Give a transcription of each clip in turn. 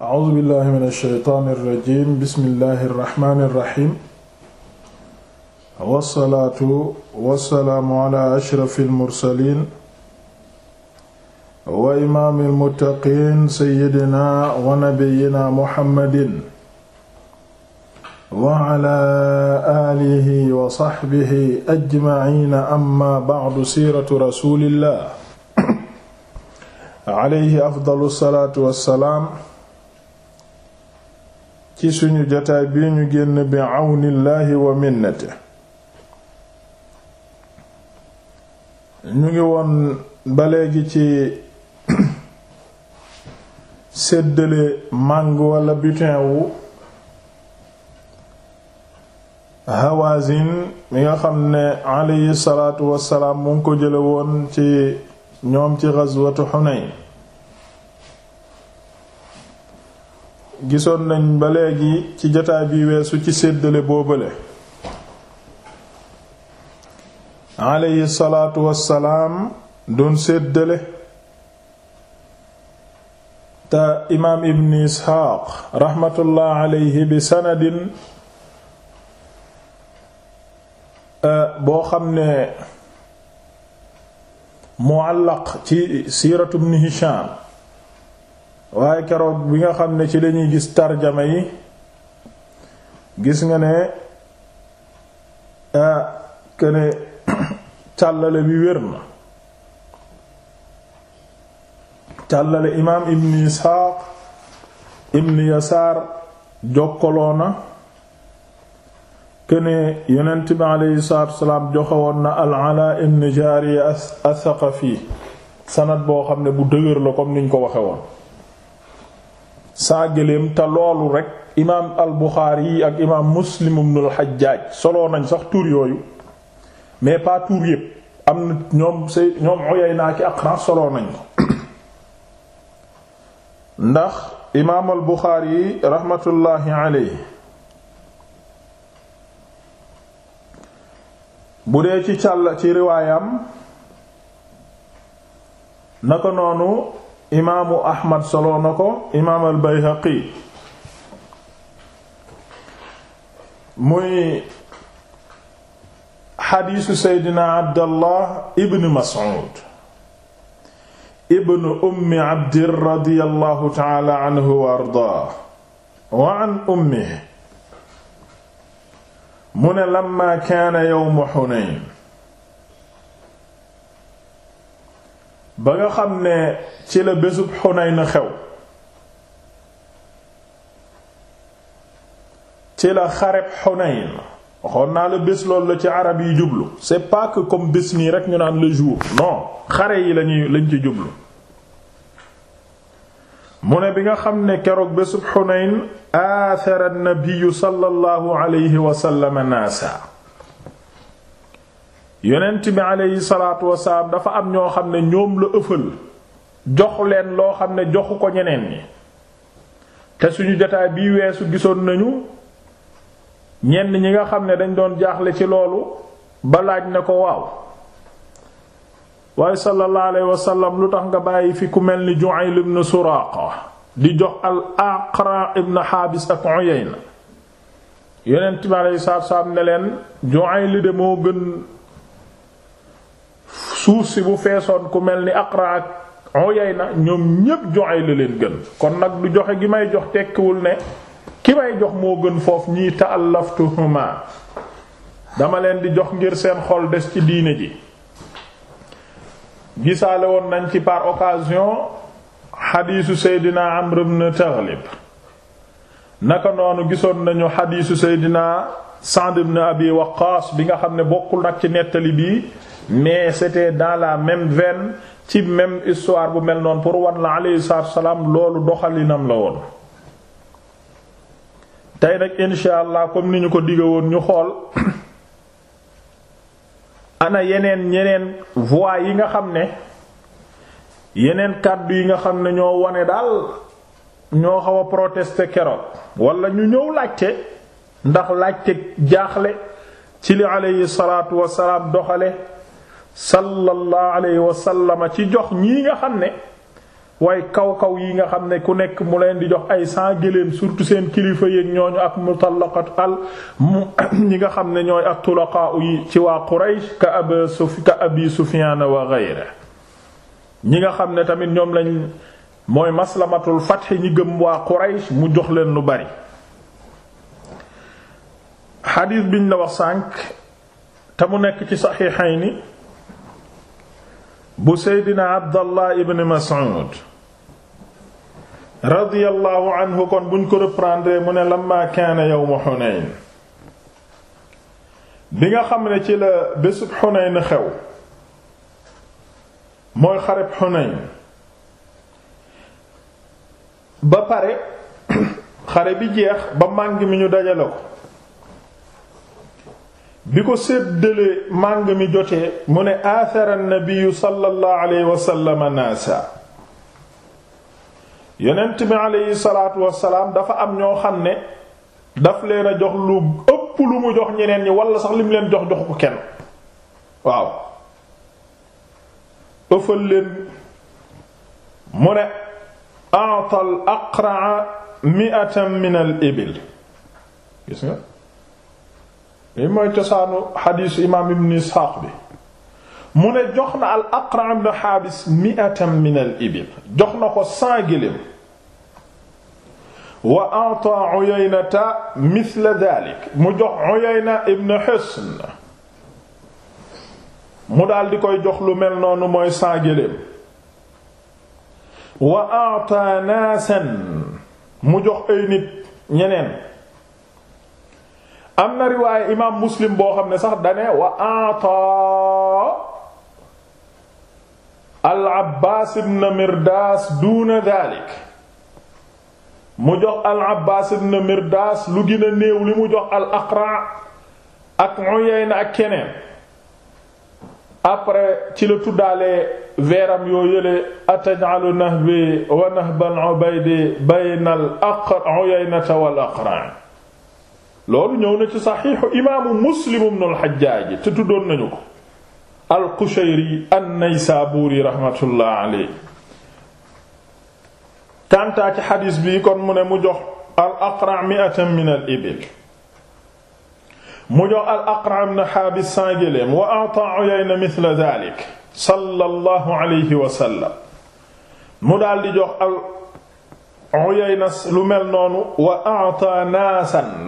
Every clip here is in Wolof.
a'uuzu billahi mina shaytaani rajiim bismillahi rahmaani rahiim wassalaatu wassalaamu ala ashrafil mursaliin wa imaamil muttaqiin sayyidina wa nabiyyina muhammadin wa ala aalihi wa saxbihi ajmaciina amma bacdu siiratu rasuulillah alayhi afdalu salaatu wa salaam ci suñu jotaay bii ñu génn bi àwnillaahi wa minnate ñu ngi woon ba léegi ci séddale màng walla butin wu Hawazin mi nga xam ne alayhi salaatu wassalaam mu ko jële woon ci ñoom ci ghazwatu Hunayn gisoon nañ ba léegi ci jotaay bi weesu ci séddale boobale aleyhi salaatu wassalaam doon séddale te imaam ibn isxaaq raxmatullah bi sanadin eh, boo xam ne muallaq ci siiratu ibn hisham waaye keroog bi nga xam ne ci lañuy gis tarjama yi gis nga ne këne ah, càllale bi wér na càllale imaam ibn isxaaq ibn yasaar jokkaloo na këne yonent bi aleyhi salaatu wasalaam joxewoon na al alaa ibn jaariya as-saqafi sanad boo xam ne bu dëgër la comme niñ ko waxe woon saa gëléem te loolu rek imaam al Buxaari ak imaam Muslim ibnul Xajjaaj soloo nañ sax tur yooyu mais pas tur yépp am na ñoom say ñoom Uyayna ki Aqra soloo nañ ko ndax imaam al Buxaari raxmatullaahi alayhi bu dee ci càll ci riwaayam naka noonu imaamu ahmad solo na ko imaam al bayhaqi muy xadiisu seydina abdallah ibn mas'ud ibn ummi abdir radiyallahu taala anhu wa ardaa wa an ummihi mu ne lamma kaana yawmu xunayn ba nga xam ne ci la bésub Xunayn xew ci la xareb Xunayn waxoon naa la bés loolu ci arab yi jublu c'est pas que comme bés nii rek ñu naan le jour non xare yi lañuy lañ ci jublu mu ne bi nga xam ne keroog bésub Xunayn athara an-nabiyyu sallallahu alayhi wa sallam naasa yonent bi aleyhi salaatu wasalaam dafa am ñoo xam ne ñoom la ëfël jox leen loo xam ne joxu ko ñeneen ñi te suñu jotaay bii weesu gisoon nañu ñenn ñi nga xam ne dañ doon jaaxle ci loolu ba laaj na ko waaw waaye sallallahu lu tax nga bàyyi fi ku mel ni Ju'ayl ibn Suraaqa di jox al Aqra ibn Haabis ak Uyayna yonent bi aleyhi salaatu wasalaam ne leen Ju'ayl de moo gën suuf si bu feesoon ku mel ni Aqra ak na ñoom ñépp joxe la leen gën kon nag du joxe gi may jox tekkiwul ne ki may jox moo gën foofu ñii ta'allaftuhuma dama leen di jox ngir seen xol des ci diine ji gisaale woon nañ ci par occasion xadiisu seydina Amr ibn Taghlib naka noonu gisoon nañu xadiisu seydina Sa'd ibn Abi Waqqas bi nga xam ne bokkul nag ci nettali bii mais te dans la même veine ci même histoire bu mel noonu pour wan la alayhi salaam loolu doxalinam la woon. tey nag incha allah comme ni ñu ko digga woon ñu xool ana yeneen ñeneen voix yi nga xam ne yeneen kàddu yi nga xam ne ñoo wane daal ñoo xaw a protester keroog wala ñu ñëw laajte ndax laajte jaaxle ci li aleyhi salaatu wasalaam doxale sallallahu alayhi wa sallam ci jox ñii nga xam ne waaye kaw kaw yi nga xam ne ku nekk mu leen di jox ay sans gëléem surtout seen kilifa yeeg ñooñu ak mutallaqat al mu ñi nga xam ne ñooy ak tulaqaa yi ci waa Quraysh ka abi Sufyaan wa ghayrihi ñi nga xam ne tamit ñoom lañ mooy maslamatul fath ñi gëm waa Quraysh mu jox leen lu bari xadiis biñ la wax sànk te mu nekk ci ni bu seydina abdallah ibn mas'ud radiyallahu anhu kon buñ ko reprendre mu ne lamma kaana yawmu xuneyn bi nga xam ne ci la bésub xuneyn xew mooy xareb xuneyn ba pare xare bi jeex ba màng mi ñu dajale ko bi ko dële màng mi jotee mu ne athara an-nabiy sallallahu alayhi wa sallam naasa yonent bi alayhi salaatu wasalaam dafa am ñoo xam ne daf leen a jox lu ëpp lu mu jox ñeneen ñi wala sax li mu leen jox jox ko kenn waaw ëffal leen mu ne a'ta al aqra'a ibil gis nga li mooy cosaanu xadiisu imaam ibn Isxaaq bi mu ne jox na al Aqra' ibn Haabis mi'atan min al ibil jox na ko cent gëléem wa a'ta koy jox lu mel noonu mooy cent naasan mu jox ay nit ñeneen am na riwaaye imaam muslim boo xam ne sax dane wa ata al abbaas ibn mirdaas duuna daalik mu jox al abbaas ibn mirdaas lu gën néew li mu jox al aqra ak uyayna ak keneen après ci la tuddaale veeram yoo yële ataj'alu nahbi wa nahbal ubaydi bayna al aqra uyaynata wal aqra loolu ñëw na ci saxiixu imaamu muslim ibn al-Hajjaaj te tuddoon nañu ko al-Qushayri an-Naysaabuuri raxmatullah alayhi kantaa ci xadiis bi kon mu ne mu jox al-Aqra' mi'atan min al-ibil mu jox al-Aqra' ibn Haabis sangeleem wa a'taa Uyayna mithla dhaalika sallallahu alayhi wa sallam Uyayna lu mel noonu wa a'ta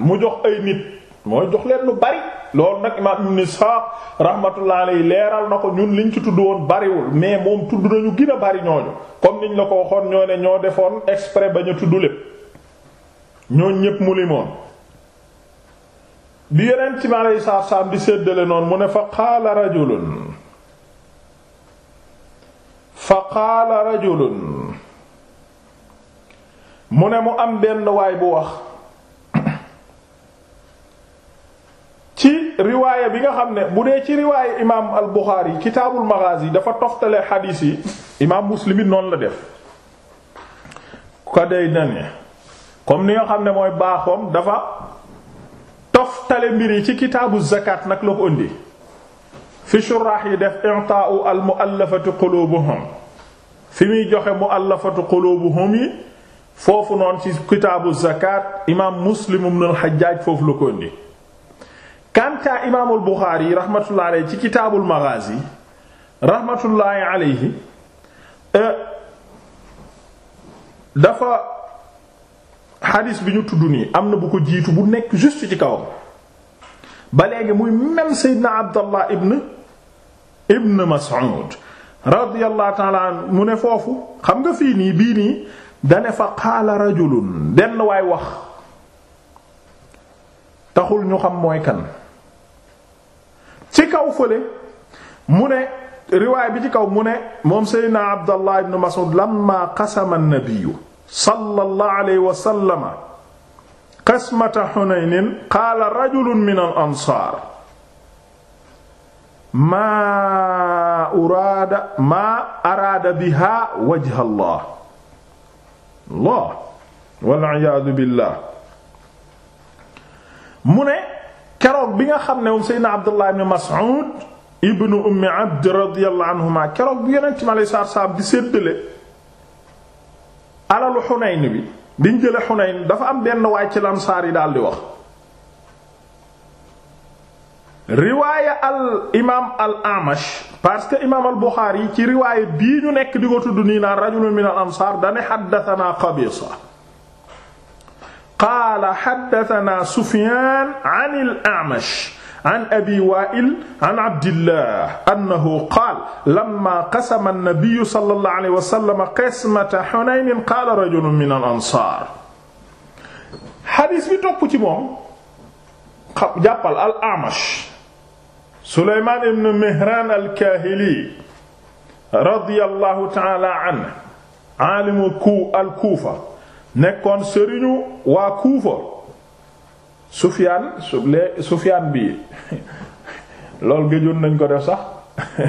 mu jox ay nit mooy jox leen lu bari loolu nag imaam Ibn Ishaq rahmatullahi alayhi leeral na ko ñun liñ ci tudd woon bariwul mais moom tudd nañu gën a bari ñooñu comme niñ la ko waxoon ñoo ne ñoo defoon exprès ba ñu tudd lépp ñooñ ñépp mu limoon bi yeneen ci ma alayhi salaam di séddale noonu mu ne fa qaala rajulun mu ne mu am benn waay bu wax ci riwaaya bi nga xam ne bu dee ci riwaaya imaam al Buxaari kitaabul yi dafa toxtale xadiis yi imaam Muslim noonu la def ko day ni comme ni nga xam ne mooy baaxoom dafa toftale mbir yi ci kitaabu zakat nag la ko ëndi fi shuraax yi def i'taa'u al mu'allafati quluubuhum fi muy joxe mu'allafati quluubuhum yi foofu noonu ci kitaabu zakat imaam muslim ibn al foofu la ko indi imaamul Buxaari rahmatullahi ci kitaabul Maghaazi rahmatullahi alayhi eh, dafa bi ñu tudd nii am na bu jiitu bu nekk juste ci kawam ba léegi muy même Seydina Abdallah ibn ibn Mas'ud radiyallahu ta'ala anhu mu ne foofu xam nga fii nii bii nii dane fa qaala rajulun denn waay wax taxul ñu xam mooy kan ci kaw fële mu ne riwaay bi ci kaw mu ne moom seydna abdallah ibn mas'ud lamma qasama an-nabiyyu sallallahu alayhi wa sallama qasmata hunaynin qaala rajulun min al-ansaar maa uraada maa araada biha wajha Allah wal iyaadu billah mu ne keroog bi nga xam ne moom Seydina Abdullah ibn Mas'ud ibnu ummi abd radiyallahu anhuma keroog bi yonent mi alayhi salaatu salaam di séddale alalu Xunayn bi diñ jële Xunayn dafa am benn waay ci Ansaar yi daal di wax riwaaya al imaam al amash parce que imaam al buxaari ci riwaaya bii ñu nekk di ko tudd nii naan rajulun min al ansaar dane xaddatanaa qabisa qaala xaddatanaa sufyaan an al amash an abi waa'il an abdillah annahu qaala lamma qasama an-nabiyyu sallallahu alayhi wa sallam qismata Hunayn qaala rajulun min al ansaar xadiis bi topp ci moom jàppal al amash Souleymane ibn Mihran al-Kahili radiyallahu ta'ala anhu aalimu ku al-Kufa nekkoon sëriñu waa Kufa Soufiane Soufiane bi loolu gëjoon nañ ko def sax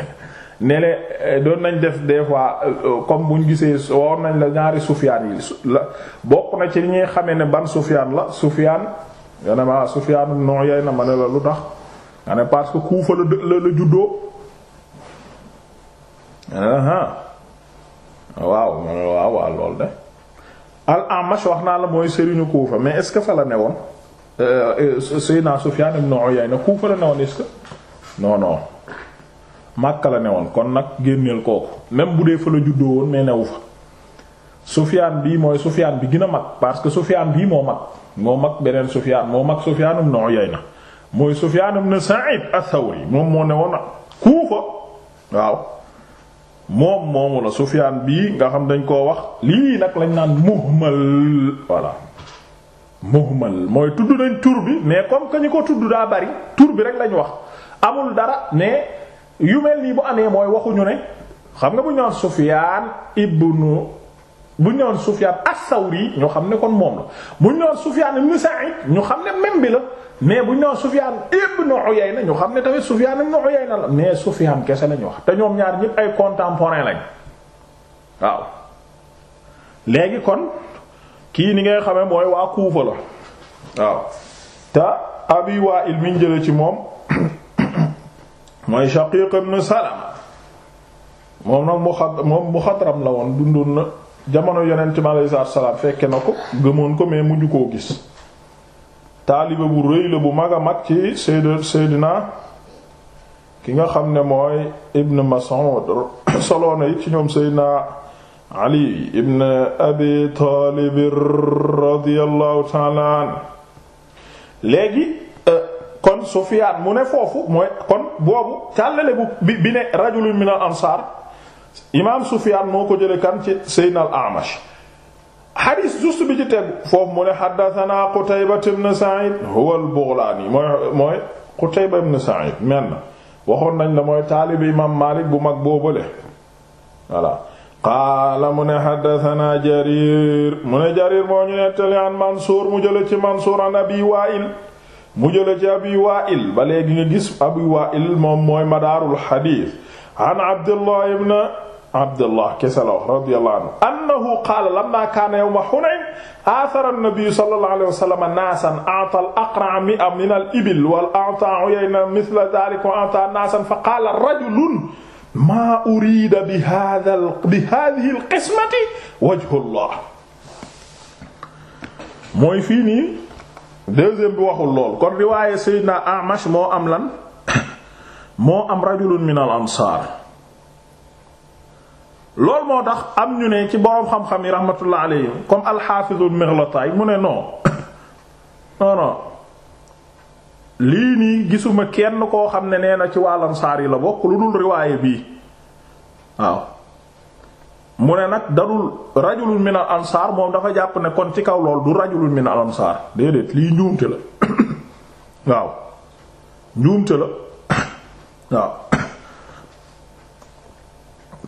ne le eh, doon nañ def des fois euh, comme bu ñu gisee war nañ la ñaari Soufiane yi la bokk na ci li ñuy xamee ne ban Soufiane la Soufiane nga ne ma Soufiane ibn na ma ne la lu tax. nga ah, ne parce que Kuufa la la la juddoo waaw waaw waaw lool de al Amash wax naa la mooy sëriñu Kuufa mais est-ce que fa la ne woon euh, euh, Seydina Sufyaan ibn Uyayna Kuufa la ne woon est que non non la ne woon kon nag génneel kooku même bu dee fa la juddoo woon mais newu fa Sufyaan bii mooy Sufyaan bi gën a mag parce que Sufyaan bii moo mag moo mag beneen Sufyaan moo mag Sufyaan ibn Uyayna mooy Sufyaan ibn Sa'id ath-Thawri moom moo ne woon ko waaw moom moomu la bii nga xam dañ koo wax lii nag lañ naan muhmal voilà muhmal mooy tudd nañ tur bi mais comme que ñu ko tudd daa bari tur bi rek lañ wax amul dara ne yu mel nii bu amee mooy waxuñu ne xam nga bu ñu naan Sufyaan ibnu bu ñu naan Sufyaan ath ñoo xam ne kon moom la bu ñu naan Sufyaan ibn Sa'id ñu xam ne même la. mais bu ñu nee Sufyaan ibn Uyayna ñu xam ne tamit Sufyaan ibn Uyayna la mais Sufyaan kese lañu wax te ñoom ñaar ñëpp ay contemporain lañ waaw léegi kon kii ni ngay xame mooy waa Kuufa la waaw te Abi Waa'il mi jële ci moom mooy Shaqiq ibn Salama moom nag mu xat moom mu xatram la woon dundoon na jamono Yonent mi alayhi salaatu wa fekke na ko gëmoon ko mais mujju koo gis taalibe bu rëy bu mag a mag ci sayyid sayyidina ki nga xam ne mooy ibn Mas'ud solo na ci ñoom sayyidina Ali ibn Abi Talib radiyallahu ta'ala an léegi euh, kon Sufyaan mu ne foofu kon boobu càllale bu bi bi ne rajulun min al ansaar imaam Sufyaan moo ko jële kan ci sayyidina xadis juste bi ci tegu foofu mu ne xaddatanaa Qutayba ibn Sa'id huwa al mooy mooy Qutayba ibn Sa'id waxoon nañ la mooy taalibi imam Malik bu mag boobale voilà qaala mu ne xaddatanaa Jarir mu ne Jarir moo ñu nettali an Mansuur mu jële ci Mansuur an Abi Wa'il mu jële ci Abi Wa'il ba léegi nga gis Abi Wa'il moom mooy madaarul xadiis an Abdullah ibn Abdullah kese la wax radiyallahu anhu annahu qaala lamma kaana yawma Hunayn athara an-nabi sallallahu alayhi wa sallam naasan a'ta al-aqra' mi'a min al-ibil wal a'ta Uyayna mithla dhalika wa a'ta naasan fa qaala rajulun maa urida bi hadha bi hadhihi al-qismati wajhu Allah mooy fii nii deuxième bi waxul lool kon riwaaye Sayyidina Amash moo am lan moo am rajulun min al-ansaar loolu moo tax am ñu ne ci boroom xam-xam yi rahmatullah alayhim comme alxaafizul Mirlataay mu ne non non lii nii gisuma kenn koo xam ne nee na ci wàllam saar yi la bokk lu dul riwaaye bii waaw mu ne nag dadul rajulun min al ansaar moom dafa jàpp ne kon ci kaw lool du rajulun min al ansaar déedéet lii njuumte la waaw njuumte la waaw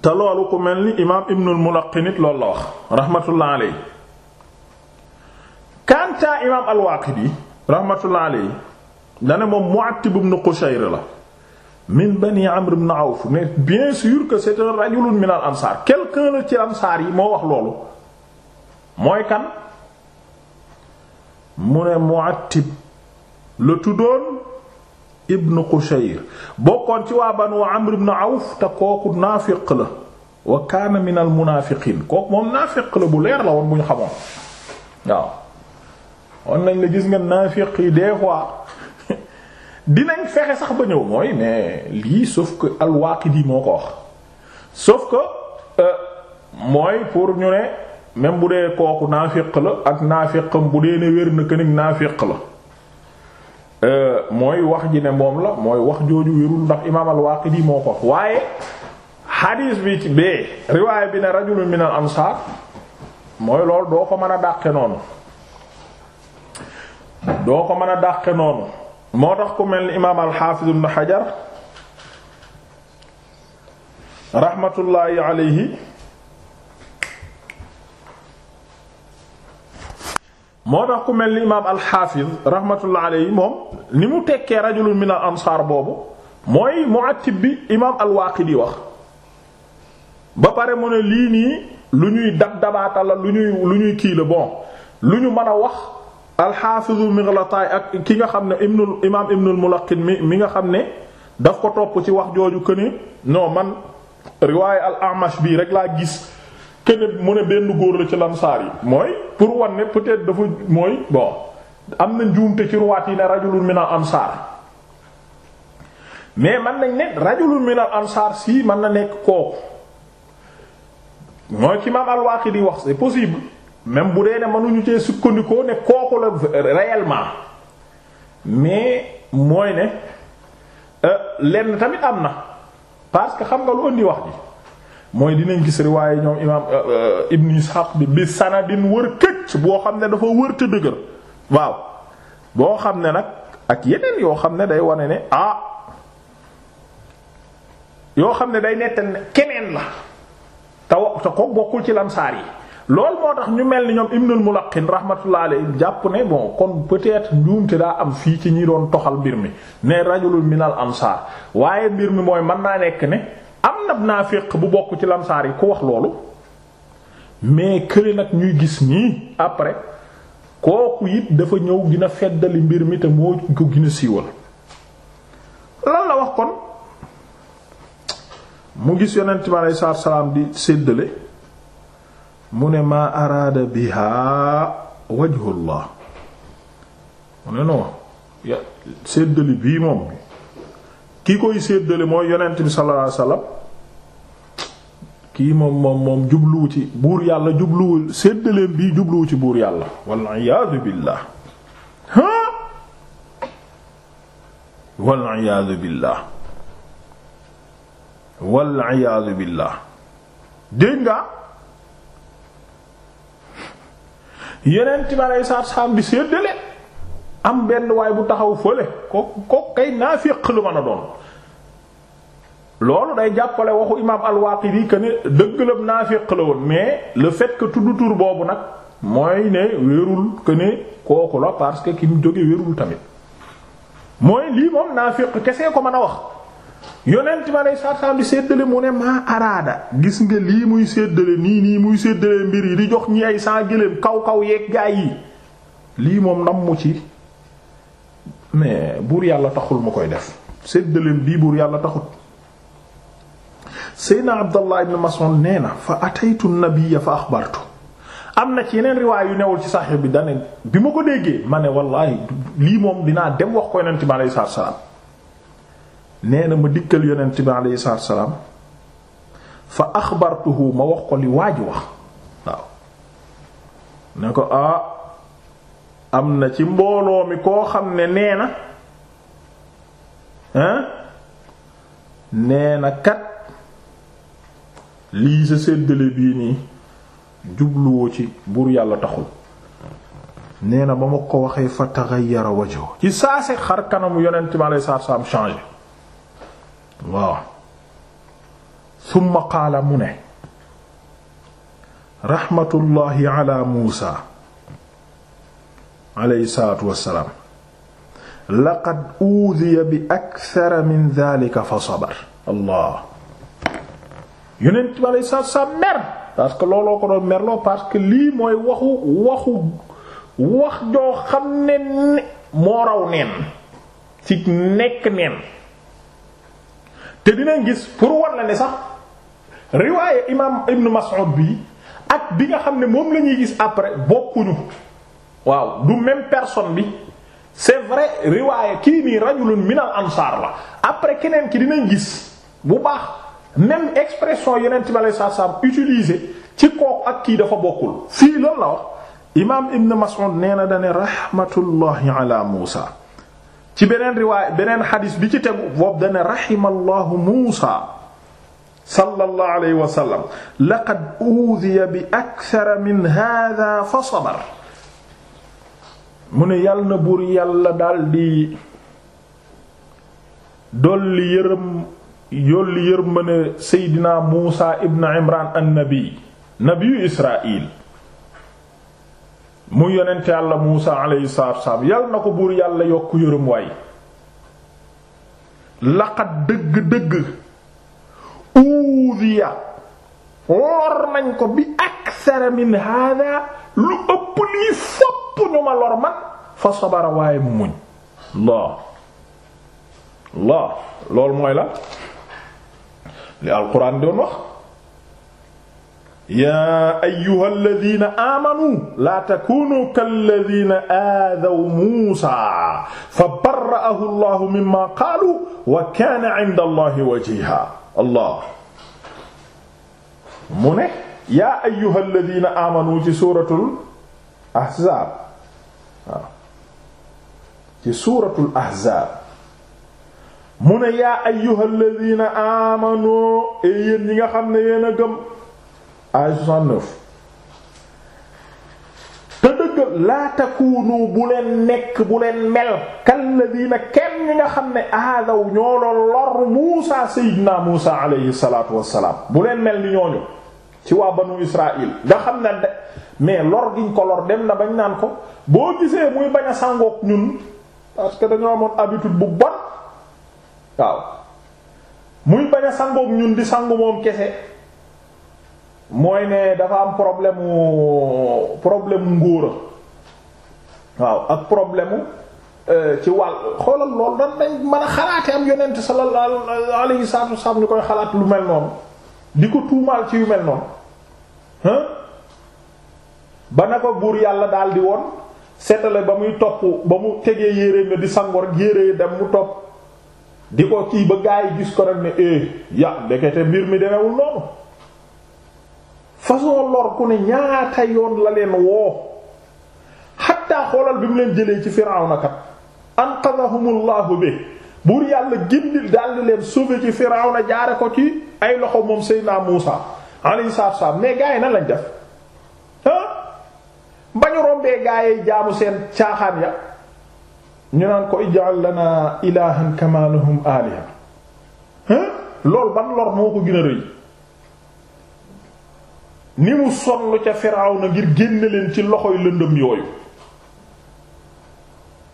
te loolu ku mel ni imaam Ibnul Mulaqin it loolu la wax rahmatullah aleyhi. Kanta imaam al-Waaqidi rahmatullah aleyhi da ne moom Mu'attib ibn Qushayr la. min bani Amr ibn Awf mais bien sûr que c'est un rajulun min al-Ansaar quelqu'un la ci ansaar yi moo wax loolu mooy kan mu ne Mu'attib la tuddoon. ibn Qushayr bokkoon ci waa Banu Amr ibn Awf te kooku naafiq la wa kaana min al munaafiqiin kooku moom naafiq la bu leer la woon bu ñu xamoon waaw wan nañ la gis nga naafiq yi des fois dinañ fexe sax ba ñëw mooy mais lii sauf que al-Waaqidi moo ko wax sauf que euh, mooy pour ñu ne même bu dee kooku naafiq la ak naafiqam bu dee ne wér na kënig naafiq la Euh, mooy wax ji ne moom la mooy wax jooju wérul ndax imaam al-Waaqidi moo ko waaye xadiis bi ci bee riwaaya bi ne rajulun min al ansaar mooy lool doo ko mën a dàqe noonu doo ko mën a dàqe noonu moo tax ku mel ni imaam al-Haafiz ibn Hajar raxmatullaahi alayhi moo tax ku mel ni imaam alxaafiz rahmatullah alayhi moom ni mu tekkee rajulun min al ansaar boobu mooy mu'attib bi imaam di wax ba pare mu ne lii nii lu ñuy dab dabaata la lu ñuy lu ñuy kii la bon lu ñu mën a wax alxaafizu Mighlataay ak ki nga xam ne ibnul imaam ibnul mulaqin mi mi nga xam ne daf ko topp ci wax jooju këne non man riwaaya al bii rek laa gis kenn mu ne benn góor la ci lansaar yi mooy pour wan ne peut-être dafa mooy bon am na njuumte ci ruwaat yi ne rajulun am ansaar mais man nañ ne rajulun am saar si mën na nekk kooku mooy ci maam al di wax c'est possible même bu dee ne mënuñu cee sukkandikoo ne kooku la réellement mais mooy ne euh, lenn tamit am na parce que xam nga lu indi wax ji mooy dinañ gis riwaaye ñoom imaam euh, euh, Ibn Ishaq bi bi sanadin wër këcc boo xam ne dafa wër dëgër waaw boo xam ne nag ak yeneen yoo xam ne day wane ne ah yoo xam ne day nettal ne keneen la te wa te ko bokkul ci lamsaar yi lool moo tax ñu mel ni ñoom Ibnul Mulaqin rahmatullahi alayhi jàpp ne bon kon peut-être njuumte daa am fii ci ñi doon toxal mbir mi ne rajulun minal ansaar waaye mbir mi mooy mën naa nekk ne. am na naafiq bu bokk ci lamsaar yi ku wax loolu mais kële nag ñuy gis nii après kooku it dafa ñëw gën a feddali mbir mi te moo ko gën siiwal lan la wax kon mu gis yonent bi aleyhi salaatu salaam séddale mu ne maa araada biha bii moom ki koy séddale mooy yonent bi sallallahu alayhi wasallam kii moom moom moom jubluwu ci buur yàlla jubluwu séddaleem bii jubluwu ci buur yàlla wal iyaadu billaah wal iyaadu billaah wal iyaadu billaah dégg nga yonent bi sallallahu alayhi bi séddale am benn waay bu taxaw fële ko ko kay naafiq lu mën a doon loolu day jàppale waxu imaam al-Waaqidi que dëgg la naafiq la woon mais le fait que boobu nag mooy ne wérul que kooku la parce que ki mu jóge wérul tamit mooy lii moom naafiq kese ko mën a wax yonent ma lay sarsam séddale mu ne maa araada gis nga lii muy séddale nii nii muy séddale mbir yi di jox ñi ay saa gëléem kaw kaw yeeg gaa yi lii moom nam mu ci mais buur yàlla taxul ma koy def séddaleem bii buur yàlla taxut seydna abdallah ibn mas'ud nee na fa ataytu nabiyya fa axbartu am na ci yeneen riwaay yu newul ci saxix bi dane bi ma ko déggee ma ne wallahi lii moom dinaa dem wax ko yonent bi aleyhi salaatu salaam nee na ma dikkal yonent bi aleyhi salaatu salaam fa axbartuhu ma wax ko li waa ji wax waaw ne ko ah am na ci mbooloo mi koo xam ne nee na hein nee na kat lii sa séddale bii nii jubluwoo ci buur yàlla taxul nee na ba ma ko waxee fa taghayyara wajhu ci saase xar kanamu yonent mi aleyhi salaatu salaam changé waaw summa qaala mu ne rahmatullahi ala Muusa aleyhi salaatu wassalaam laqad uudiya bi ak min dhalika fa lii mooy waxu wax joo xam ne moo raw neen ci nekk neen te dinañ gis pour war la ne sax riwaaye imaam ibnu Mas'ud bi ak bi nga xam ne moom lañuy gis après bokkuñu waaw du même personne bi c'est vrai riwaaya kii nii rajulun minal ansaar la après keneen ki dinañ gis bu baax même expression yeneen ci ma lay saabsaab utilisé ci kooku ak kii dafa bokkul fii loolu la wax. imaam Ibn Mas'ud nee na dane rahmatullahi ala Muusa ci beneen riwaaya beneen xadis bi ci tegu boobu dane rahimallahu Muusa sallallahu alayhi wa sallam laqad uudhiya bi akthara min haadha fa sabara mu ne yàlla na buur yàlla daldi dolli yërëm yolli yërmane seydina muusa ibn imran annabi nabiyu israil mu yonent yàlla muusa alayhi salaatu wassalaam na ko buur yàlla yokk yërëm waay laqad dëgg-dëgg uudiya wor nañ ko bi aksara min hada lu ëpp lii fopp ëpp ñu ma lor man fa sabara waaye mu muñ laa laa loolu mooy la li alquran doon wax yaa ayyuha alladina aamanu laa takunu kalladina aadaw muusa fa barra'ahu allahu mimma qaalu wa kaana 'inda allahi wajiha allah mu ne yaa ayyuha alladina aamanu ci suuratul ahzaab waaw ci suuratul ahzaab mu ne yaa ayyuhal ladina amanu e ñi nga xam ne yéen a gëm ay 69 te dëgg laa takuunu bu leen nekk bu leen mel kal ladina kenn ñi nga xam ne aadaw ñoo doon lor Muusa Seydina Muusa alayhi salaatu wassalaam bu leen mel ni ñooñu ci waa banu Israaïl nga xam ne mais lor giñ ko lor dem na bañ naan ko boo gisee muy bañ a sangook ñun parce que dañoo amoon habitude bu bon waaw muy bañ a sangook ñun di sangu moom kese mooy ne dafa am problème mu problème mu ngóora waaw ak problème euh, ci wàll xoolal lool dañ dañ mën a xalaat am yonent sallallahu alayhi wasallam ñu koy xalaat lu mel noonu di ko tuumaal ci yu mel noonu hein ba na ko buur yàlla daal di woon seetale ba muy topp ba mu tegee yéreem na di sangoor yére dem mu topp di ko kii ba gaa gis ko rek ne eh ya ndekete mbir mi demewul noonu façon lor ku ne ñaata yoon la leen woo xatta xoolal bi mu leen jëlee ci Firawna kat anqadahumullahu bi buur yàlla gindil daldi leen sauver ci na jaare ko ci ay loxo moom Seydina Muusa alayhi salaam mais gaa yi nan lañ def ba ñu rombee gaa jaamu seen caaxaan ya ñu naan koy ij'al lana ilahan kama lahum aliha loolu ban lor moo ko gën a rëy ni mu sonn ca Firawna ngir génne leen ci loxoy lëndëm yooyu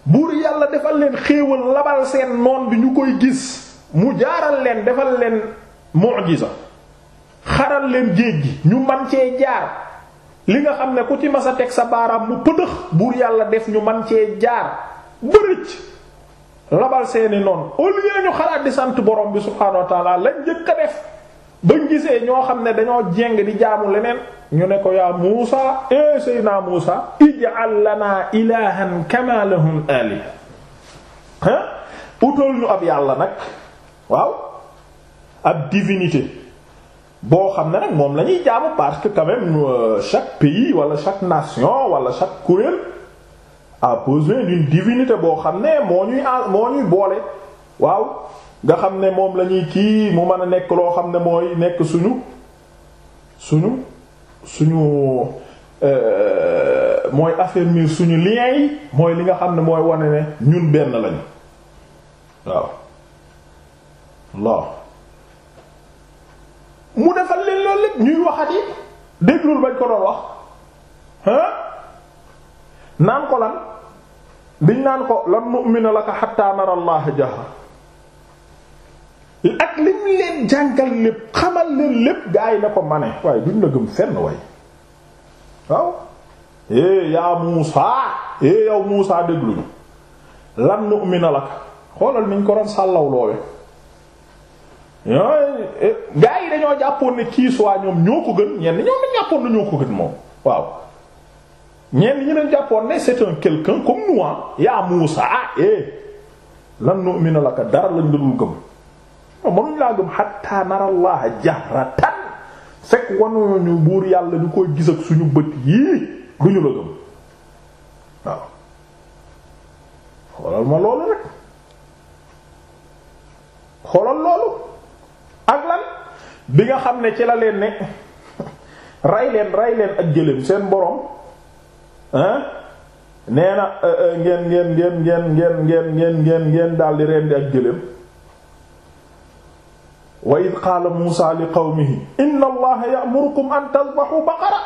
buur yàlla defal leen xéewal labal seen noon bi ñu koy gis mu jaaral leen defal leen mu'jiza xaral leen géej gi ñu man cee jaar li nga xam ne ku ci mas sa teg sa baaraam mu pëdëx buur yàlla def ñu man cee jaar bërëj labal seeni noonu au lieu ñu xalaat di sant borom bi subhaanahu wa lañ njëkk a def bañ gisee ñoo xam ne dañoo jeng di jaamu leneen ñu ne ko yaa Muusa e Seydina Muusa ij'al lana ilahan kama lahum aliha utal ñu ab yàlla nag waaw ab divinité boo xam ne nag moom la ñuy jaamu parce que quand même euh, chaque pays wala chaque nation wala chaque kuréel a besoin d'une divinité boo xam ne moo ñuy moo ñuy boole waaw nga xam ne moom la ñuy kii mu mën a nekk loo xam ne mooy nekk suñu suñu suñu euh, mooy affermir suñu lien yi mooy li nga xam ne mooy wane ne ñun benn lañu waaw waaw mu defal leen loolu lépp ñuy waxati déglul bañ ko doon wax ah naan ko lan biñ naan ko lan nu'mina laka hatta nara Allah jahra ak lim leen jàngal lépp xamal leen lépp gaa yi na ko mane waaye duñ la gëm fenn way waaw é eh, yaa Muusa é eh, yow Muusa dégluñu lan nu'mina laka xoolal niñ ko doon sàllaw gaa yi dañoo jàppoon ne kii soit ñoom ñoo ko gën ñenn ñoom dañ jàppoon ne ñoo ko gën moom waaw ñenn ñi dañ jàppoon ne c'est un quelqu'un comme moi yaa Muusa ah eh lan nu'mina laka dara lañ dul gëm mënuñ laa gëm hatta narallaha jahratan fekk wanuñu ñu buur yàlla ñu koy gis ak suñu bët yii du ñu la gëm waaw xoolal ma loolu rek xoolal loolu ak lan bi nga xam ne ci la leen ne ray leen ray leen ak gëléem seen boroom ah nee na euh, euh, ngeen ngeen ngeen ngeen ngeen ngeen ngeen ngeen ngeen daldi rendi ak gëléem wa id qaala Muusaa li qawmihi inna allaha ya'murukum an tadhbahu baqara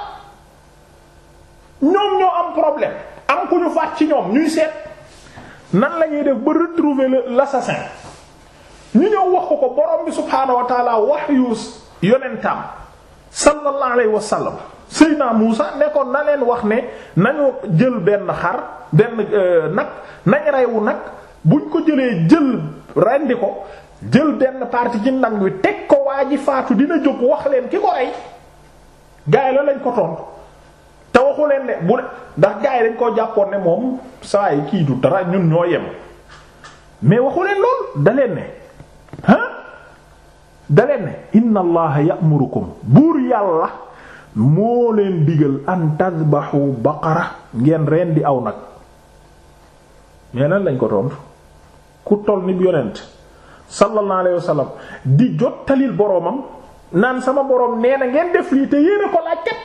ñoom ñoo am problème am ku ñu faat ci ñoom ñuy seet nan lañuy def ba retrouver l'assassin ñu ñëw wax ko ko borom bi subhaanahu wa taala wahyu yonentam sallallahu alayhi wa naa Seydina Muusa nekkoon na leen wax ne nañu jël benn xar benn euh, nag nañ reywu nag buñ ko jëlee jël rendi ko jël benn partie ci ndang wi teg ko waa ji faatu dina jóg wax leen ki ko ay gaa yi la lañ ko tontu te waxu leen ne bu ndax gaa yi koo jàppoon ne moom saa yi kii du dara ñun ñoo yem mais waxu leen lool da leen ne daleen ne inna allaha ya'murukum buur yàlla moo leen digal an tadbahu baqara ngeen reen di aw nag mais nan lañ ko tontu ku toll ni yonent sallallahu alayhi wasallam di jottalil boromam naan sama borom nee na ngeen def lii te yéen ko laaj kat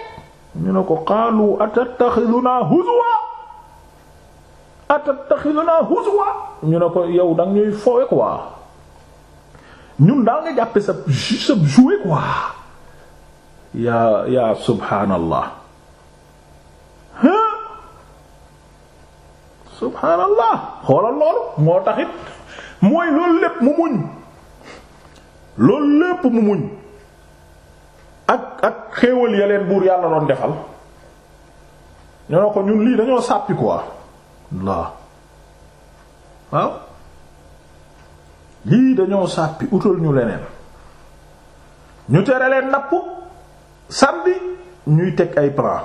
ñu ne ko qaalu atattaxiduna huzwa atattaxiduna huzwa ñu ne ko yow danga ñuy fowe quoi ñun daal nga jàppe sa sa jouet quoi yaa yaa subhaanallah subhaanallah xoolal loolu moo taxit mooy loolu lépp mu muñ loolu lépp mu muñ ak ak xéewal ya leen buur yàlla doon defal ñoo ko ñun lii dañoo sàppi quoi waaw lii dañoo sàppi utal ñu leneen ñu tere leen napp samedi ñuy teg ay plan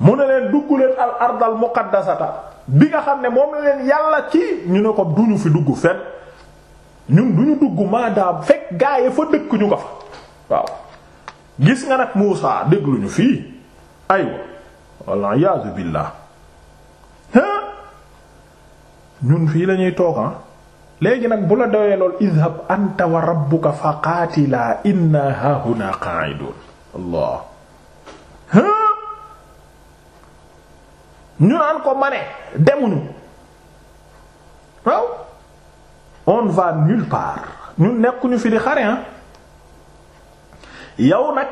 mu ne leen dugg leen al ardal muqaddasata bi nga xam ne moom leen yàlla ci ñu ne ko duñu fi dugg fenn ñun duñu dugg maadaam fekk gaaye fa dëkk ñu ko fa waaw gis nga nag Muusaa dégluñu fii aywa walla iyaazu billaah ñun fii lañuy toogan ah? léegi nag bu la doyee lool idhab anta wa rabbuka fa qaatilaa inna haahuna qaa'iduun allah ñu naan ko mane demuñu waaw on va nulle part ñun nekkuñu fi di xare ah yow nag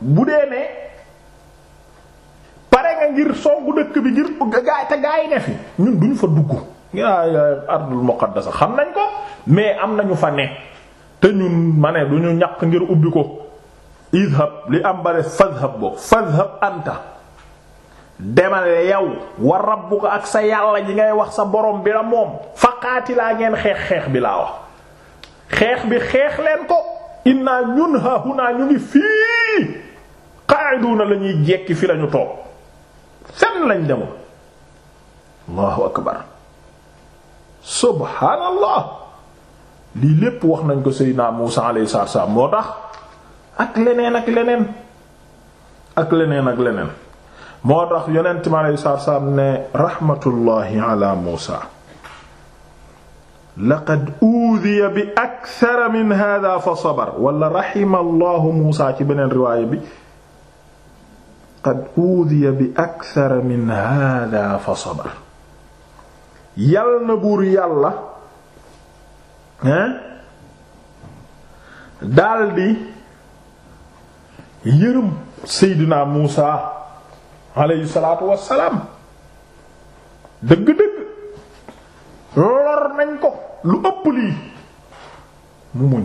bu dee ne pare nga ngir songu dëkk bi ngir gaay te gaay ne fi ñun duñu fa dugg yaa yaa ardul muqaddasa xam nañ ko mais am nañu fa ne te ñun ma ne du ñu ñaq ngir ubbi ko idhab li am bare fadhab boo fadhab anta demal yow wa ko ak sa yàlla ji ngay wax sa borom bi la moom faqaatilaa ngeen xeex xeex bi laa wax xeex bi xeex leen ko inna ñun hahuna ñu ngi fii qa'iduna la ñuy jekki fi lañu toog fenn lañ demoon allahu akbar subhaanallah lii lépp wax nañ ko seydinaa Muusaa alayhi salaam moo tax ak leneen ak leneen ak leneen ak leneen moo tax yonent mi alayhi salaam ne raxmatullaahi ala Muusaa laqad uudiya bi akthara min haadaa fa sabar wala raximallaahu Muusaa ci beneen riwaaya bi qad uudiya bi akthara min haadaa fa sabar yal na buur yàlla hein daldi yërëm seydina Muusa alayhi salaatu wassalaam dëgg-dëgg lor nañ ko lu ëpp lii mu muñ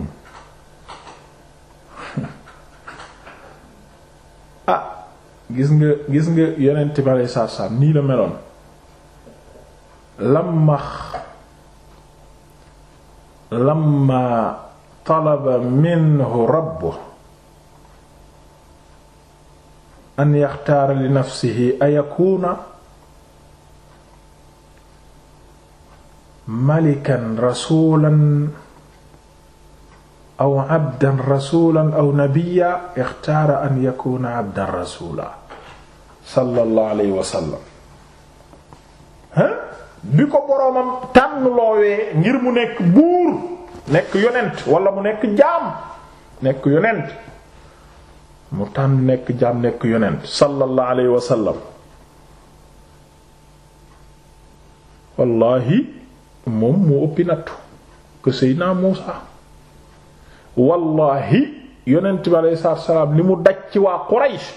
ah gis nga gis nga yeneen tibe alayhi salaam nii la meloon lamma lamma talaba minhu rabbuhu an yaxtaara li nafsihi ayakuuna malikan rasuulan aw abdan rasuulan aw nabiyyan ixtaara an yakuuna abdan rasuulan sallallahu alayhi wa sallam ha bi ko boroomam tànn loowee ngir mu nekk buur nekk yonent wala mu nekk jaam nekk yonent mu tànn nekk jaam nekk yonent sallallahu alayhi wa sallam wallahi moom moo ëppi nattu que Seydina Muusa wallahi yonent bi alayhi salaam li mu daj ci waa Quraysh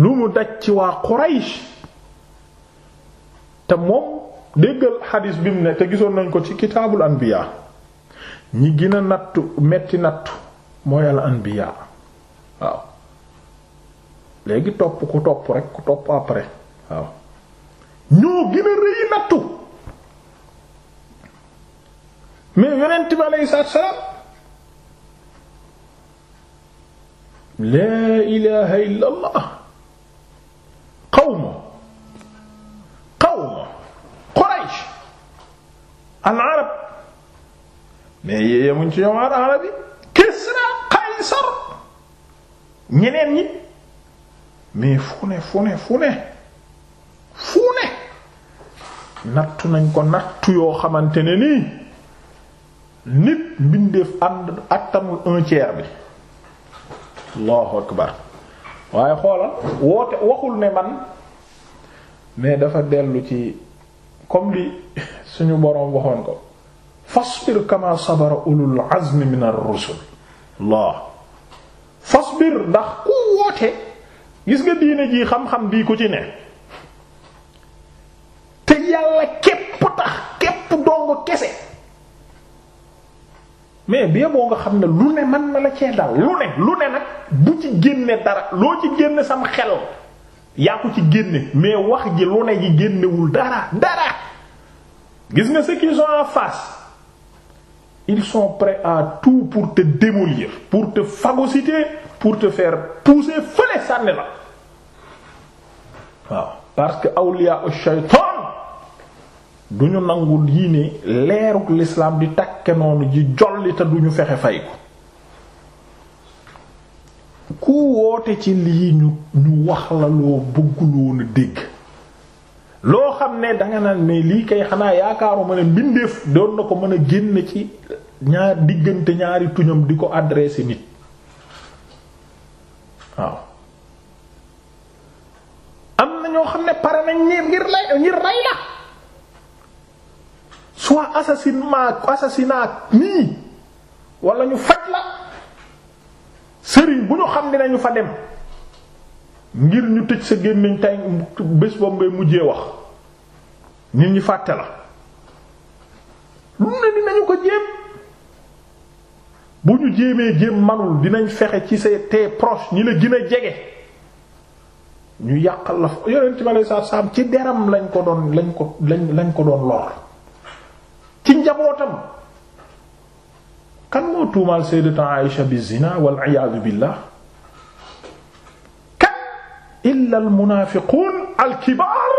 lu mu daj ci waa Quraysh te moom déggal xadiis bi mu ne te gisoon nañ ko ci kitaabul anbiyaa ñi gën a nattu metti nattu mooy al anbiyaa waaw léegi topp ku topp rek ku topp après waaw ñoo gën rëy nattu mais yonent bi aleyhi salaatu salaam laa al arab mais yemuñ ci ñoom al arab yi Kisra Qaysar ñeneen ñi mais fu ne fu ne fu ne fu ne nattu nañ ko nattu yoo xamante ne nii nit mbindeef ànd attanul un tiers bi allahu akbar waaye xoolal woote waxul ne man mais dafa dellu ci comme li suñu boroom waxoon ko fasbir kama sabara ulul azmi min ar-rusul Allah fasbir ndax ku woote gis nga diine jii xam-xam bii ku ci ne te yàlla képp tax képp dong kese mais bien moo nga xam ne lu ne mën na la cee dal lu ne lu ne nag bu ci génne dara loo ci génne sam xel yaa ci génne mais wax ji lu ne ji génnewul dara dara gis nga ceux qui sont en face ils sont prêts à tout pour te démolir pour te phagocyter pour te fair pousser fële sànni la waaw parce que awliya ash-shaytan duñu nangu diine leeruk l'islam di takke noonu ji jolli te duñu fexe fay ko ku woote ci lii ñu ñu wax la loo bëgguloon dégg loo xam ne danga naan mais lii kay xanaa ma ne mbindeef doon na ko mën a génn ci ñaar diggante ñaari tuñam di ko adressé nit waaw am na ñoo xam ne pare nañ ñi ngir lay ngir rey la soit assassinat nii wala ñu faj la sëriñ bu ñu xam ne nañu fa dem ngir ñu tëj sa gémmiñ tey bés boobu mujjee wax nit ñi fàtte la lu ne dinañu ko jéem bu ñu jéemee jéem manul dinañ fexe ci sa tee proche ñi la gën a jege ñu yàqal la yonent bi aleyhi salaatu salaam ci deram lañ ko doon lañ ko lañ lañ ko doon lor ci njabootam kan moo tuumaal sayyidatu Aïsha bi zina wal iyaadu billah kan illa al munaafiquun al kibaar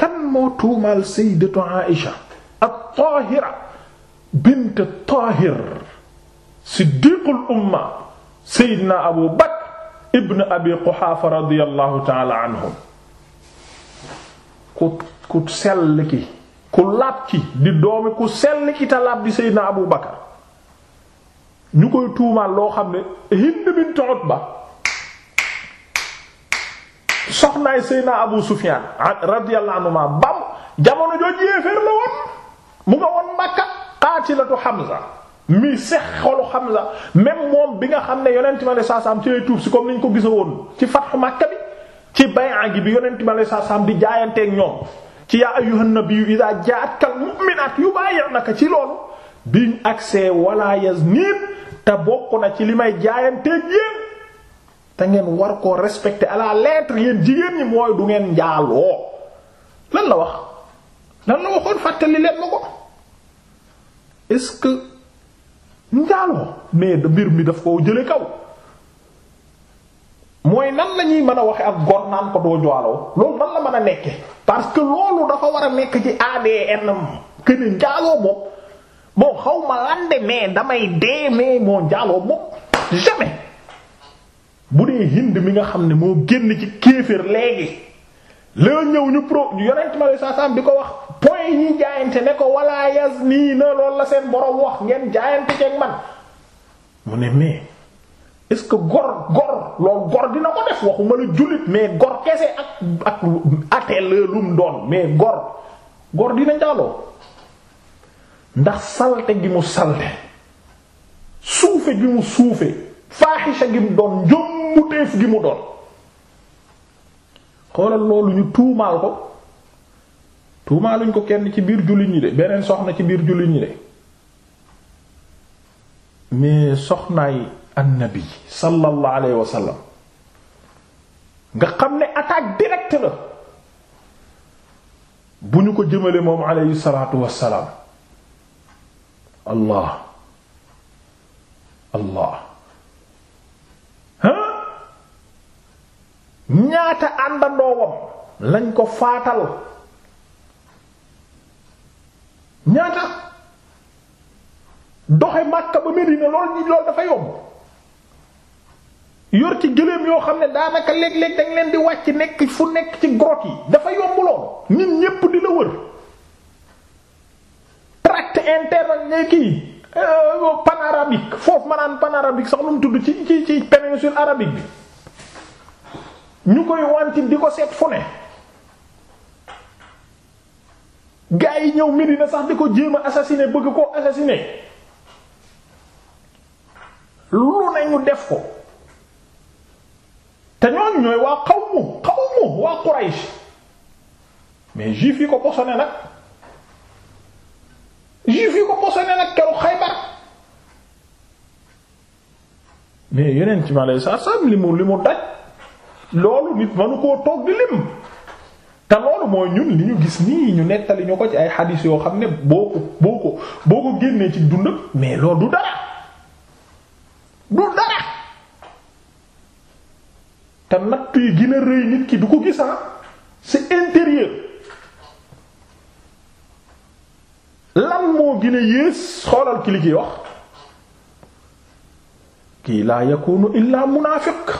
kan moo tuumaal sayyidatu Aïsha at-Taahira bint at-Taahir siddiqul umma sayyidina Abu Bakr ibn Abi Quhaafa radiyallahu ta'ala anhum ku ku sell ki ku laab ki di doomi ku sell ki ta di Seydina Abu Bakar ñu koy tuumaal loo xam ne Hind bint Utba soxnaay Seydina Abu Sufyaan radiyallahu anhu bam jamono jooju yéeféer la woon mu nga woon Makka qaatilatu Hamza mi sex xolu Hamza même moom bi nga xam ne yonent ma ne saasaam ci lay tuub si comme ni ñu ko gisa woon ci fatxu Makka bi ci bay'a gi bi yonent ma ne saasaam di jaayanteek ñoom ci yaa ayyuhan nabiyyu idha ja'atkal mu'minaat yubayi'naka ci loolu biñ agsee wala yaznin te bokk na ci li may jaayanteeg yéen te ngeen war koo respecter à la lettre yéen jigéen ñi mooy du ngeen njaaloo lan la wax lan la waxoon fàttali leen ma ko est-ce que njaaloo mbir mi daf koo jële kaw mooy nan la ñuy mën a waxe ak góor naan ko doo jaaloo loolu nan la mën a nekke parce que loolu dafa war a nekk ci ADN am que ne njaaloo moom bon xaw ma lande mais damay dee mais moo njaaloo moom jamais bu dee hind mi nga xam ne moo génn ci kéefër léegi la ñëw ñu pro yonent ma saa saam bi ko wax point ñi jaayante ne ko walla yas nii na loolu la seen borom wax ngeen jaayante ceeg man mu ne mais. est-ce que gor gor loolu gor dina ko def waxuma jullit mais gor kese ak ak ateel lum doon mais gor gor dina njaaloo ndax salte gi mu salte suufe gi mu suufe faaxisa gi doon njombuteef gi mu doon xoolal loolu ñu tuumaal ko tuumaaluñ ko kenn ci biir jullit ñi de beneen soxna ci biir jullit ñi de mais soxnaay annabi sallallahu alayhi nga xam ne attaque directe la bu ñu ko jëmale moom alayhi salaatu wassalaam allah allah ah ñaata àndandoowam lañ ko faatal ñaata doxe Makka ba Medina lool ñi lool dafa yomb yor ci gëléem yoo xam ne daanaka léeg-léeg dañ leen di wàcc nekk fu nekk ci grotte yi dafa yomb lool nit ñépp di la wër tract interne ne kii euh, panarabique foofu manaan panarabique sax lu mu tudd ci ci ci péninsule arabique bi ñu koy wanti di ko seet fu ne gaa yi ñëw Medina sax di ko jéem a assassiné bëgg koo assassiné lu nañu def ko te ñooñu ñooy waa qawmu qawmu waa Quraysh mais juif yi ko posone nag juif yi ko posone nag keru Xaybar mais yeneen ci ma lay sa sam li mu li mu daj loolu nit mënu koo toog di lim te loolu mooy ñun li ñu gis nii ñu nettali ñu ko ci ay xadiis yoo xam ne boo ko boo ko boo ko génnee ci dund mais loolu du dara du dara te natt yi gën a rëy nit ki du ko gis ah, c'est intérieur lan moo gën a yées xoolal ki li kiy wax kii laa yakunu illaa munaafiq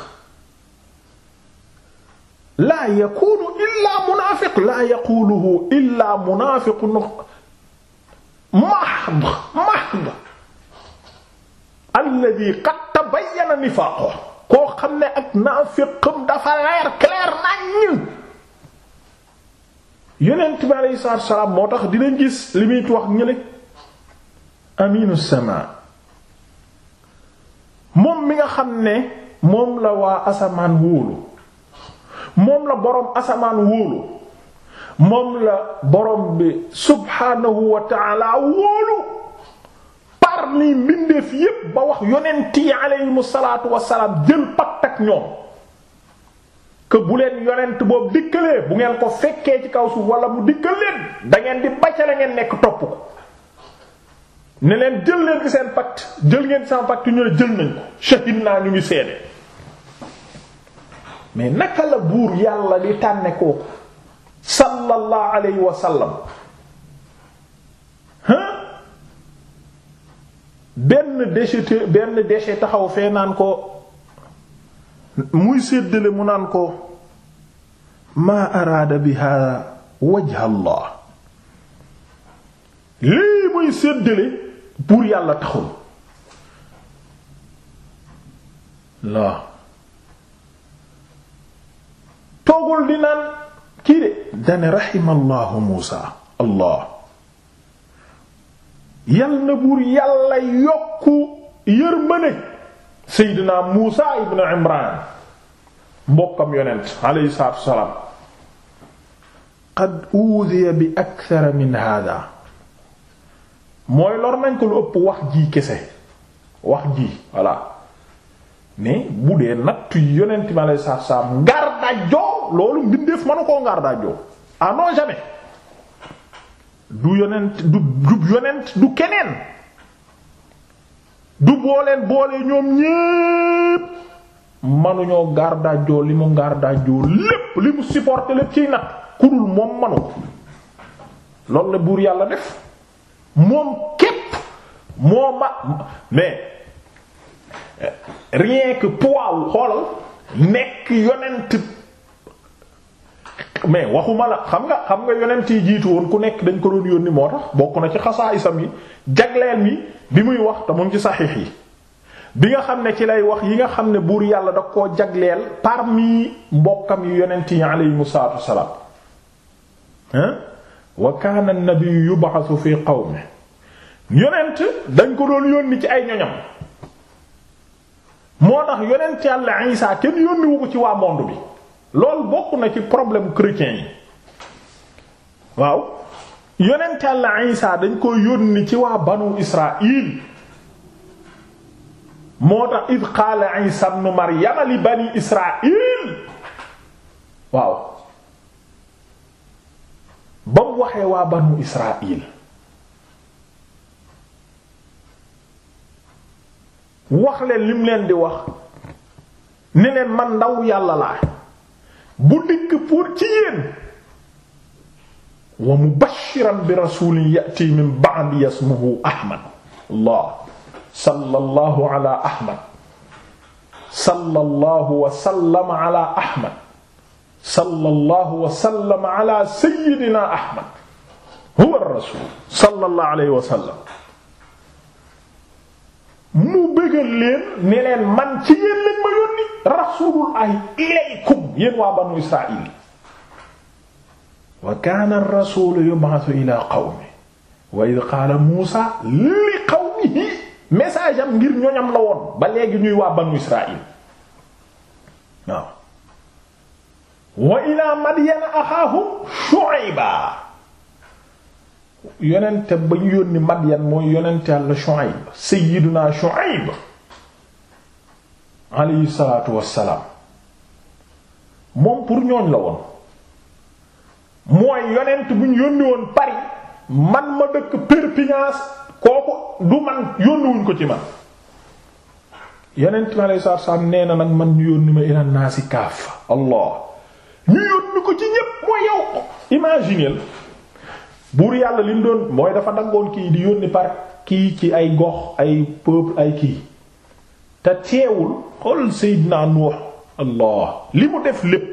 laa yakunu illaa munaafiq laa yaquluhu illaa munaafiqun mahd mahd alladhi qad tabayyana nifaaqu xam ne ak naafiqam dafa leer clair nañ yonent bi aleyhi salaatu moo tax dinañ gis li muy wax ñële moom mi nga xam ne moom la waa asamaan wóolu moom la boroom asamaan wóolu moom la boroom bi subhaanahu wa wóolu parmi mbindeef yépp ba wax yonent yi aleyhimu salaatu wassalaam jël pacte ak ñoom que bu leen yonent boobu dikkalee bu ngeen ko fekkee ci kaw suuf wala mu dikkal leen da ngeen di bàccale ngeen nekk topp ko ne leen jël leen ci seen pacte jël ngeen seen pacte ñu ne jël nañ ko naa ñu ngi seede mais naka la buur yàlla di tànne kooku sallallahu alayhi wa sallam benn déchet benn déchet taxaw fee naan ko muy séddale mu naan ko maa araada biha wajha Allah lii muy séddale buur yàlla taxul laa toogul di naan kii de dane raximallahu Muusa Allah yal na buur yàlla yokku yërmande seydina muusa ibn imran mbokkam yonent alayhi salaatu wassalaam qad uudiya bi akthar min hada mooy lor nañ ko lu ëpp wax ji kese wax ji voilà mais bu dee nattu yonent bi alayhi salaatu wassalaam ngardaajoo loolu mbindeef manu koo ngardaajoo ah non du yonent du du yonent du keneen du booleen boole ñoom ñépp manuñoo gardajoo li mu gardajoo lépp li mu supporté lépp ciy nag kudul moom manu loolu buur yàlla def moom képp moo ma mais eh, rien que poids xoolal nekk yonent mais waxuma la xam nga xam nga yonent yi jiitu woon ku nekk dañ ko doon yónni moo tax bokk na ci xasaayisam yi jagleel mi bi muy wax te mu ci saxiix yi bi nga xam ne ci lay wax yi nga xam ne buur yàlla da koo jagleel parmi mbokkam yu yonent yi aleyhimu salaatu wassalaam hein wa kaana yu nabiyyu yub'athu fi qawmi yonent dañ ko doon yónni ci ay ñoñam moo tax yonent yàlla Isaa kenn yónniwu ko ci waa monde bi loolu bokk na ci problème chrétien yi waaw yonent Yàlla dañ ko yónni ci waa banu Israaïl moo tax id qaala Isaa ibnu Maryama li bani Israaïl waaw ba mu waxee waa banu Israaïl wax leen lim leen di wax ne leen man ndaw yàlla laa bu dikk pour ci yéen wa mubashiran bi rasulin yati min ba'di ismuhu ahmad allah sallallahu ala ahmad sallallahu wa sallama ala ahmad sallallahu wa sallama ala sayyidina ahmad huwa ar-rasul sallallahu alayhi wa sallam mu bëggal leen ne leen man ci yéen lañ ma yónni rasulullahi ilaykum yéen waa banu israil wa kaana ar-rasulu yub'athu ila qawmi wa id qaala Muusa li qawmihi message am ngir ñoñam la woon ba léegi ñuy waa banu israil waaw wa ila madyana axaahum Shu'ayba yonente ba ñu yónni Madyan mooy yonente Yàlla Shu'ayb sayyiduna Shu'ayb alayhi salaatu wassalaam moom pour ñooñ la woon mooy yonent bu ñu yónni woon Paris man ma dëkk Perpignan kooku du man yónniwuñ ko ci man yonent bi alayhi salaatu wassalaam nee na nag man ñu yónni ma ilan si kaaf allah ñu yónni ko ci ñépp mooy yow imagineel buur yàlla li doon mooy dafa daggoon kii di yónni par kii ci ay gox ay peuple ay kii te teewul xool Seydina Nuux allah li mu def lépp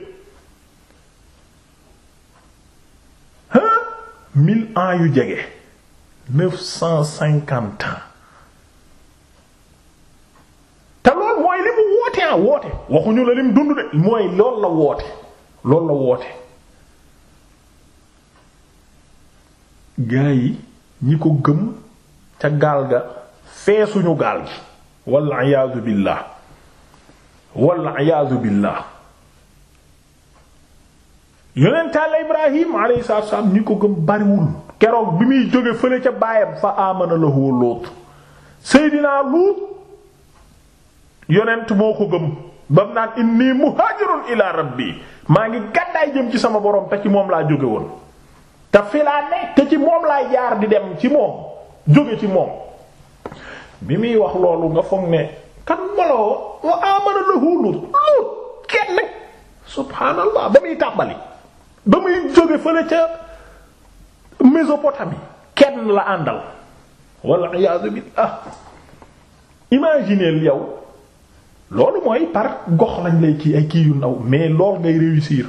ha mille ans yu jege te lool mooy li mu woote ah woote waxuñu la lim dund de mooy lool la woote lool la woote gaa yi ñi ko gëm ca gaal ga feesuñu gaal gi wal iyaazu billah wal iyaazu billah yonent Yàlla Ibrahim alayhi salaatu ñi ko gëm bariwul keroog bi muy jóge fële ca baayam fa amana lahu Luut Seydina Luut yonent moo ko gëm bam naan inni muhaajirun ila rabbi maa ngi gàddaay jëm ci sama borom te ci moom laa jóge woon te fi laa te ci moom laay jaar di dem ci moom jóge ci moom bi muy wax loolu nga foog ne kan moloo wa amana lahu lut lut kenn subhaanallah ba muy tàmbali ba muy jóge fële ca Mésopotamie kenn la àndal wal iyaadu billah imagineel yow loolu mooy par gox lañ lay kii ay kii yu ndaw mais lool ngay réussir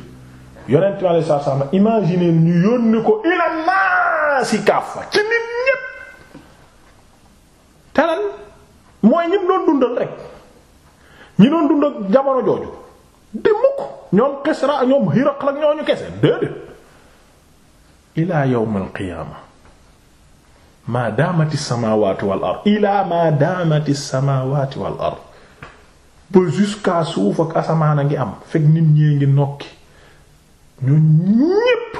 yonent mi alayhi salaam imagineel ñu yónni ko ila naasi kaafa ci nit mooy ñim doon dundal rek ñi doon dundal jamono jooju di mukk ñoom Kisra ñoom Hiraql ak ñooñu kese déedéet ilaa yawmal qiyaama maa daamati wal ard ilaa maa daamati wal ard ba jusqu'à suuf ak asamaan a ngi am fekk nit ñee ngi nokki ñun ñépp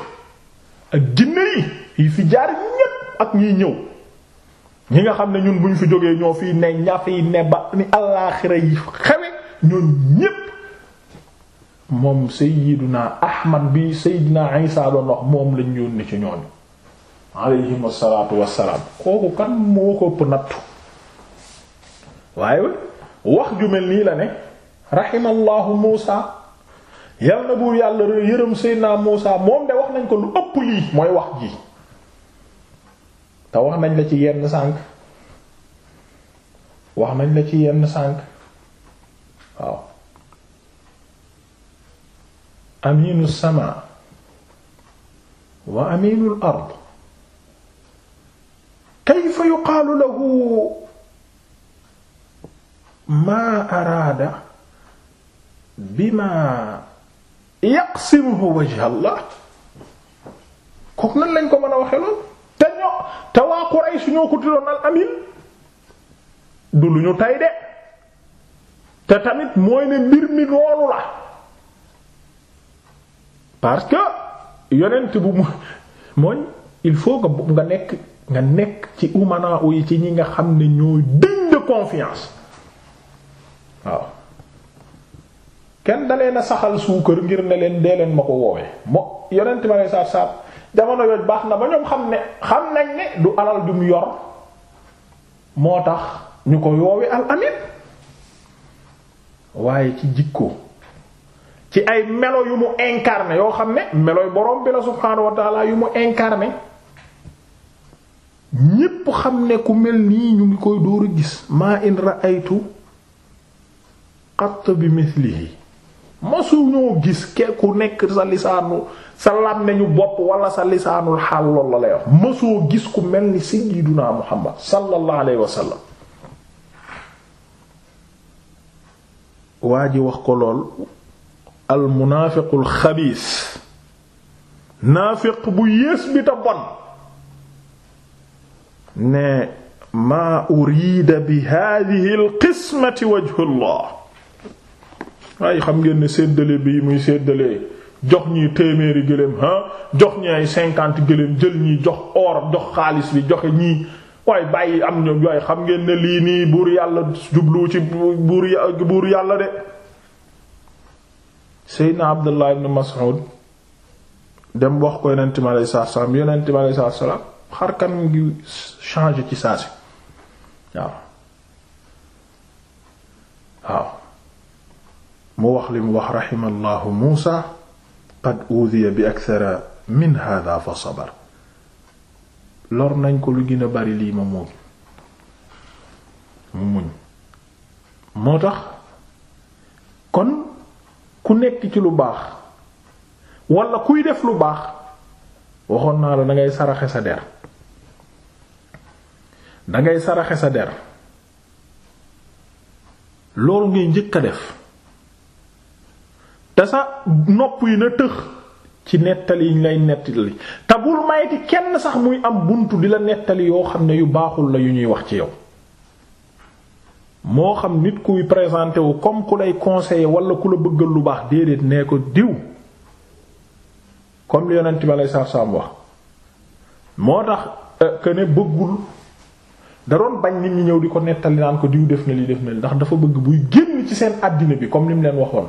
ak jinne yi yi fi jaar ñépp ak ñuy ñëw ñi nga xam ne ñun bu ñu fi jógee ñoo fii ne ña fiy ne ba ni alaaxira yi xewe ñun ñépp moom sayyiduna ahmad bi sayyiduna isa doon wax moom lañ yónni ci ñooñu alayhim wasalatu wasalaam kooku kan moo ko ëpp nattu waaye wax ju mel nii la ne rahimallahu muusa yal na buur yàlla yërëm sayyiduna muusa moom de wax nañ ko lu ëpp lii mooy wax ji te wax nañ la ci yenn sànk wax nañ la ci yenn sànk waaw aminu sama wa aminu al-ard kayfa yuqaalu lahu maa araada bimaa yaqsimuhu wajha Allah kooku nan lañ ko mën a waxe lool te ñoo te waa Quraysh ñoo ko tuddoon al amin du lu ñu tay de te tamit mooy ne mbir mi loolu la parce que yonent bu mu mooy il faut que nga nekk nga nekk ci umana yi ci ñi nga xam ne ñooy digne de confiance waaw kenn dalee na saxal suukar ngir ne leen dee leen ma ko woowee mo yonent ma lay saab saab jamono yooyu baax na ba ñoom xam ne xam nañ ne du alal jum yor moo tax ñu ko yoowi al amin waaye ci jikko ci ay melo yu mu incarné yoo xam ne melooy borom bi la subhaanahu yu mu incarné ñépp xam ne ku mel nii ñu ngi koy dóor a gis maa in aytu qatt bi mithlihi masu ñoo gis ke nekk sa lisaanu sa làmmeñu bopp wala sa lisaanul la lay masoo gis ku mel ni sayyiduna muhammad sallallahu alayhi wa waa ji wax ko lool al munaafiqul xabiis naafiq bu yées bi ta bon ne maa uriida bi haadihi al qismati waaye xam ngeen ne séddale bii muy séddale jox ñi téeméeri gëléem ah jox ñi cinquante gëléem jël ñi jox or jox xaalis bi joxe ñi waaye bàyyi am ñoom waaye xam ngeen lii nii buur yàlla jublu ci buur yàlla de. na Abdullah ibn Mas'ud dem wax ko yonent mi alayhi salaatu salaam yonent mi alayhi salaatu salaam xar kanam gi changer ci saa si waaw waaw. mu wax li mu wax raximallahu muusa qad uudiya bi akthara min hada fa sabar lor nañ ko lu gën a bari lii ma muñ moo tax kon ku nekk ci lu baax wala kuy def lu baax waxoon naa la dangay saraxe sa der dangay saraxe sa der loolu ngay njëkk a def te sa nopp yi na tëx ci nettali yiñ lay nettali te bul kenn sax muy am bunt di la nettali yoo xam ne yu baaxul la yu ñuy wax ci yow moo xam nit kuy présenté wu comme ku lay conseiller wala ku la bëggal lu baax déedéet nee ko diw comme li yonent bi aleyhi salaatu salaam wax moo tax euh, que ne bëggul da doon bañ nit ñi ñëw di ko nettali naan ko diw def na li def na li ndax dafa bëgg buy génn ci seen àddina bi comme ni mu leen waxoon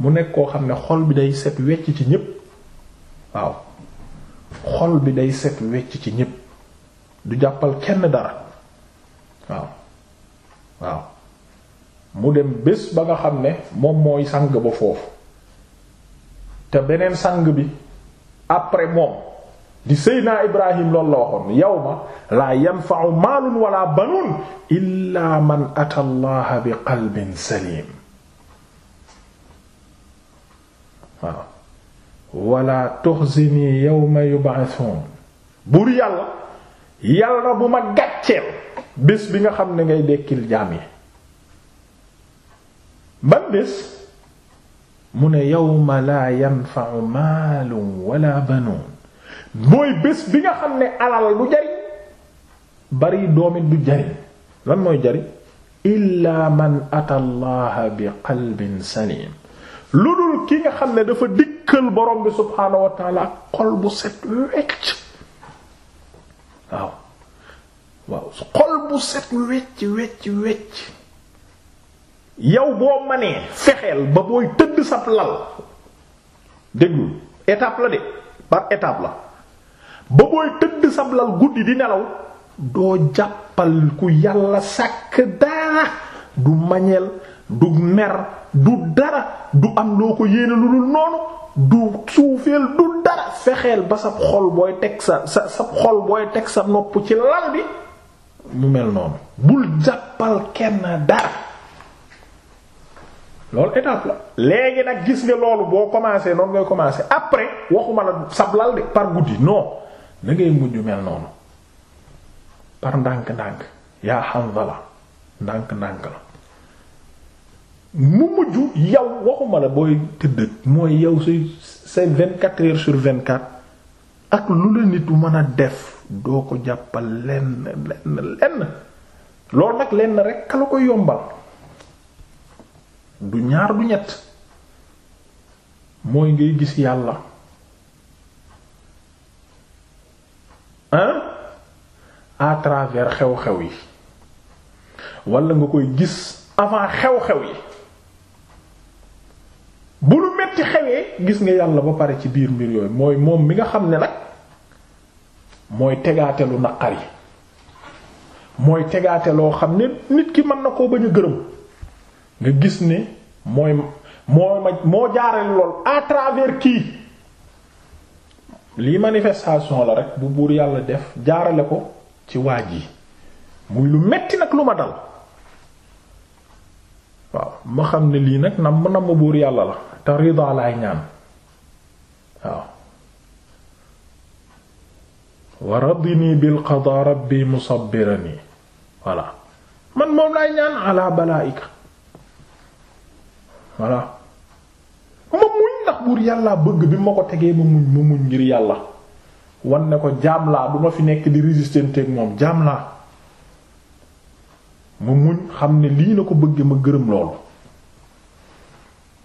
mu nekk koo xam ne xol bi day set wecc ci ñépp waaw xol bi day set wecc ci ñépp du jàppal kenn dara waaw waaw mu dem bés ba nga xam ne moom mooy sang ba foofu te beneen sang bi après moom di Seydina Ibrahim loolu la waxoon yawma laa yanfa'u maalun wala banuun illaa man ata Allaha bi qalbin salim waaw wala tuxzini yawma yub'athun buur yàlla yàlla bu ma gàcceel bés bi nga xam ne ngay dekkil jaam yi ban bés mu ne yawma laa yanfa'u maalun wala banuun mooy bés bi nga xam ne alal du jariñ bari doomit du jariñ lan mooy jariñ illa man ata allaha bi qalbin salim lu dul ki nga xam ne dafa dikkal borom bi subhaanahu wa taala ak xol bu set wecc waaw waaw xol bu set wecc wecc wecc yow boo manee fexeel ba booy tëdd sab lal déglu étape la de par étape la ba booy tëdd sab lal guddi di nelaw doo jàppal ku yàlla sàkk dara du mañeel du mer du dara du am loo ko yéene lu dul noonu du suufeel du dara fexeel ba sab xol booy teg sa teg sa nopp ci lal bi mu mel noonu bul jàppal kenn dara loolu étape la léegi nag gis nga loolu boo commencé noonu ngay commencé après waxuma la sablal de par guddi noo da ngay mujj mel noonu par ndànk-ndànk yaa Hanzala ndànk-ndànk la mu mujj yow waxuma la booy tëdd mooy yow say say vingt quatre heures sur vingt quatre ak lu la nit mën a def doo ko jàppal lenn lenn lenn nag lenn rek ka la ko yombal du ñaar du ñett mooy ngay gis yàlla hein à travers xew-xew yi walla nga koy gis avant xew-xew yi bu lu metti xewee gis nga yàlla ba pare ci biir mbir yooyu mooy moom mi nga xam ne nag mooy tegaatelu lu naqar yi mooy tegaate loo xam ne nit ki mën na koo bañ a gërëm nga gis ne mooy moo ma moo jaarale lool à travers kii lii manifestation la rek bu buur yàlla def jaarale ko ci waaj yi muy lu metti nag lu ma dal waaw ma xam ne lii nag nam nam ma buur yàlla la te ridaa laay ñaan waaw wa radini bil qadaa rabbi musabbirani voilà man moom laay ñaan ala balaika voilà ma muñ ndax buur yàllaa bëgg bi ma ko tegee ma muñ ma muñ ngir yàlla wan ne ko jaam laa du ma fi nekk di résister ak moom jaam laa mu muñ xam ne lii la ko bëggee ma gërëm loolu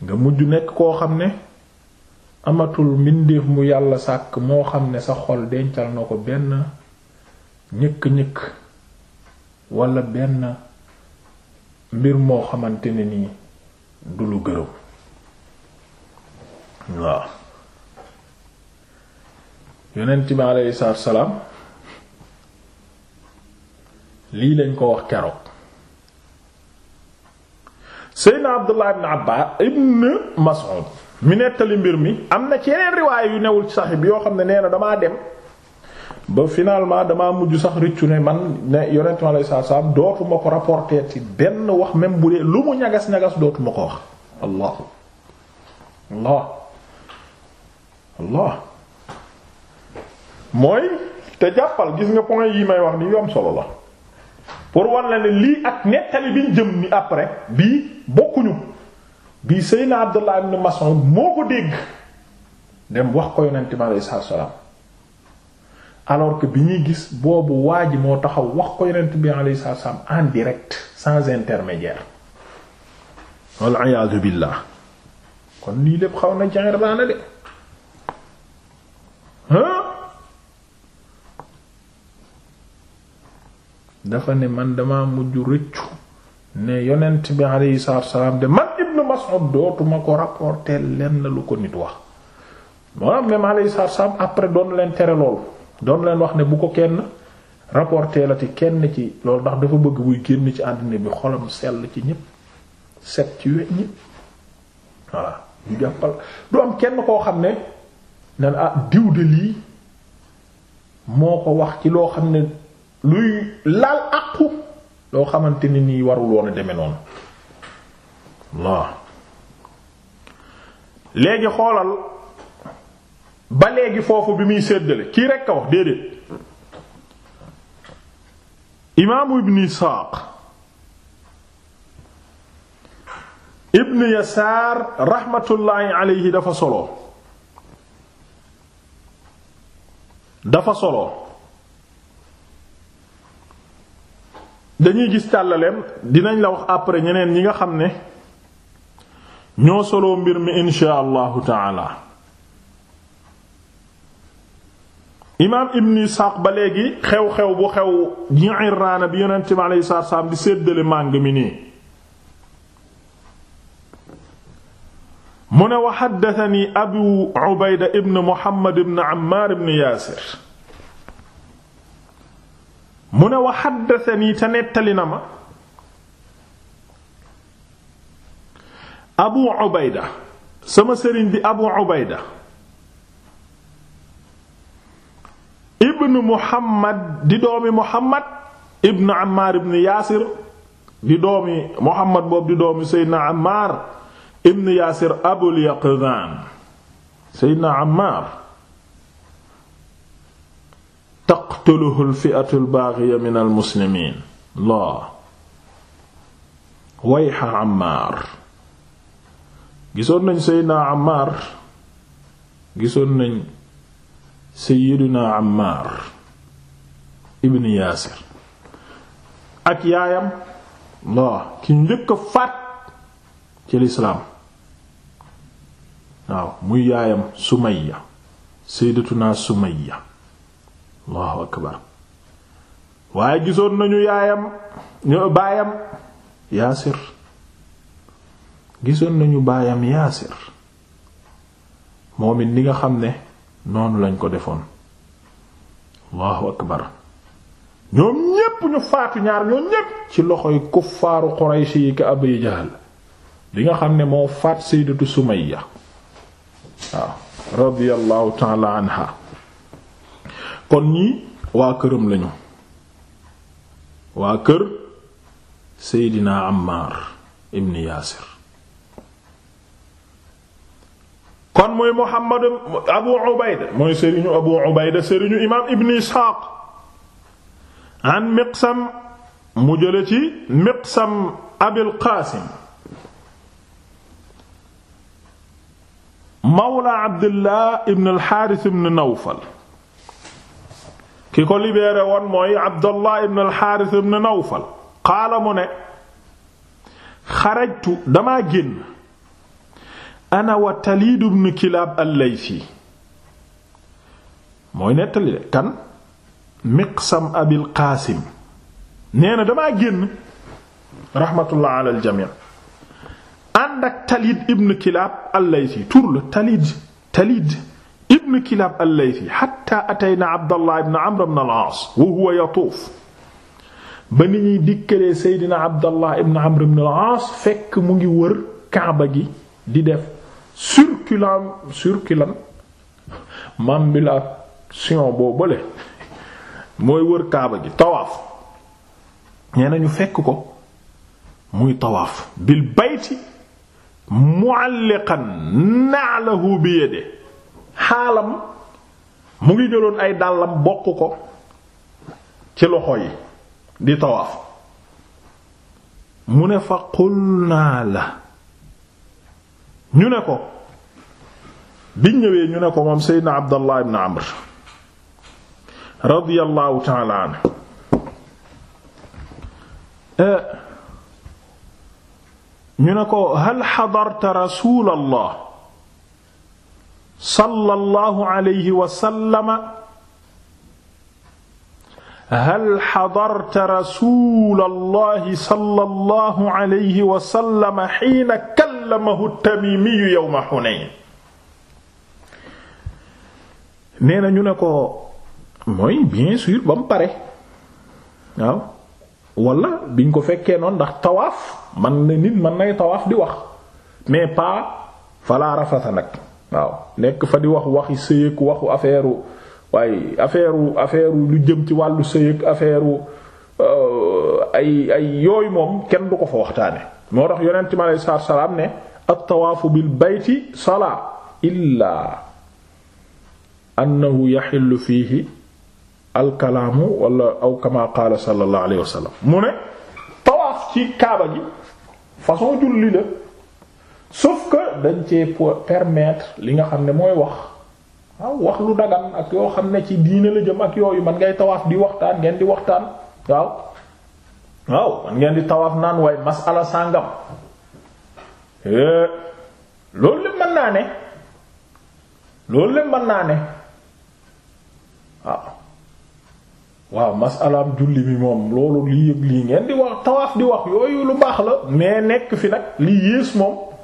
nga mujj nekk koo xam ne amatul mbindeef mu yàlla sàkk moo xam ne sa xol dencal na ko benn ñëkk-ñëkk walla benn mbir moo xamante ne nii du lu gërëm waaw yonent bi aleyhi salaatu salaam lii lañ ko wax keroog Seydina Abdullah ibn Abba ibn Mas'ud mi nettali mbir mi am na ci yeneen riwaay yu newul ci sax bi yoo xam ne nee na damaa dem ba finalement damaa mujj sax rëccu ne man ne yonent mi alayhi salaatu dootuma ko rapporter ci benn wax même bu dee lu mu ñagas ñagas dootuma ko wax allah allah allah mooy te jàppal gis nga point yi may wax ni yu solo la pour war la ne lii ak nettali biñ jëm ni après bii bokkuñu bii Seydina Abdullah ibn Mas'ud moo ko dégg dem wax ko yonent bi alayhi salaam alors que bi ñuy gis boobu waa ji moo taxaw wax ko yonent bi alayhi salaam en direct sans intermédiaire wal iyaadu billah kon lii lépp xaw na jàngat baana de dafa ne man dama mujj rëccu ne yonent bi alayhi salaatu salaam de man ibnu Mas'ud dootuma ko rapporter lenn lu ko nit wax moo am même alayhi après doon leen tere lool doon leen wax ne bu ko kenn rapporter la ti kenn ci loolu ndax dafa bëgg buy génn ci àddina bi xolam sell ci ñépp set ci we ñépp voilà du jàppal du kenn koo xam ne nan ah diw de lii moo ko wax ci loo xam ne luy laal àqu loo xamante ni nii warul woon a deme noonu waaw léegi xoolal ba léegi foofu bi muy séddale kii rekk a wax déedéet imaamu ibn Isaaq ibn Yasaar raxmatullaahi alayhi dafa solo dafa solo dañuy gis càllaleem dinañ la wax après ñeneen ñi nga xam ne ñoo solo mbir mi insha allahu taala imaam ibn isxaaq ba léegi xew-xew bu xew Ji'irraana bi yonent bi alayhi salaatu salaam di màng mi nii mu ne wa haddathani abu ubayda ibn muhammad ibn ammaar ibn yaasir mu ne wa xaddasani na ma abu sama sëriñ bi abu ubayda ibn muhammad di doomi muhammad ibn ammaar ibn yaasir di doomi muhammad boobu di doomi seydna ammaar ibn yaasir abul yaqdaan seydna ammaar taqtuluhu al-fi'atu al-baghiya min al-muslimiin laa wayha Ammaar gisoon nañ Seydina Ammaar gisoon nañ Seydina Ammaar ibn Yaasir ak yaayam laa ki njëkk a faat ci lislaam waaw muy yaayam Sumayya Sayyidatuna Sumayya allahu akbar waaye gisoon nañu yaayam ñu baayam yaasir gisoon nañu baayam yaasir moom it nga xam ne noonu lañ ko defoon allahu akbar ñoom ñépp ñu faatu ñaar ñoom ñépp ci loxoy kuffaaru Quraysh yi ka Abi Jahl di nga xam ne moo faat sayyidatu Sumayya waaw radiyallahu ta'ala anha kon ñii waa lañu waa kër Seydina Ammar ibn Yaasir kon muy Muhammad Abu Ubayda mooy sëriñu Abu Ubayda sëriñu imaam Ibn Isxaaq an Miqsam mu jële ci Miqsam Abil Qaasim mawla Abdullah ibn al-Haaris ibn Nawfal ki ko libéré woon mooy Abdallah ibn al-Harith Nawfal qaala mu ne xarajtu damaa génn ana wa Taliid ibn Kilaab al mooy nettali de kan Miqsam Abil Qaasim nee na damaa génn rahmatullah ala al Taliid Taliid ibn Kilaab al-Laythi xatta atayna Abdallah ibn Amr ibn al wa huwa yatuuf ba ni ñuy dikkalee Seydina Abdallah ibn Amr ibn al fekk mu ngi wër Kaaba gi di def circulant circulant ambulation boo bële mooy wër Kaaba gi tawaaf nee na ñu fekk ko muy tawaaf bil bayti mu'alliqan na'lahu bi yadihi xaalam mu ngi joloon ay dàllam bokk ko ci loxo yi di tawaaf mu ne fa qulnaa la ñu ne ko biñ ñëwee ñu ne ko moom seydna abdallah ibn amr radiyallahu taala anhu eh, ñu ne ko hal xadarta rasulallah sallallahu alayhi wa sallama hal xadarta rasuulallahi sallallahu alayhi wa sallama xiina kallamahu tamiimiyu yawma xunayn nee na ñu ne ko mooy bien sûr ba mu pare waaw wala biñ ko fekkee noonu ndax tawaaf man na nit mën nay tawaaf di wax mais pas falaa rafata nag waaw nekk fa di wax waxi sëyeek waxu affaire waaye affaire affaire lu jëm ci wàllu sëyeek affaire euh, ay ay yooyu moom kenn du ko fa waxtaane moo tax yonent mi aleyhi salaatu salaam ne at-tawaafu bil bayti salaa illaa annahu yaxillu fiihi alkalaamu wala aw kama qaala sallallahu alayhi wa mu ne tawaaf ci kaaba gi façon julli la sauf que dañ cee permettre li nga xam ne mooy wax waaw wax lu dagan ak yoo xam ne ci diine la jëm ak yooyu man ngay tawaaf di waxtaan ngeen di waxtaan waaw waaw man ngeen di tawaaf naan waaye masala sàngam eh, loolu lépp ne loolu lépp mën naa ne waaw waaw masalaam julli bi moom loolu lii yëg lii ngeen di wax tawaaf di wax yooyu lu baax la mais nekk fi nag li yées moom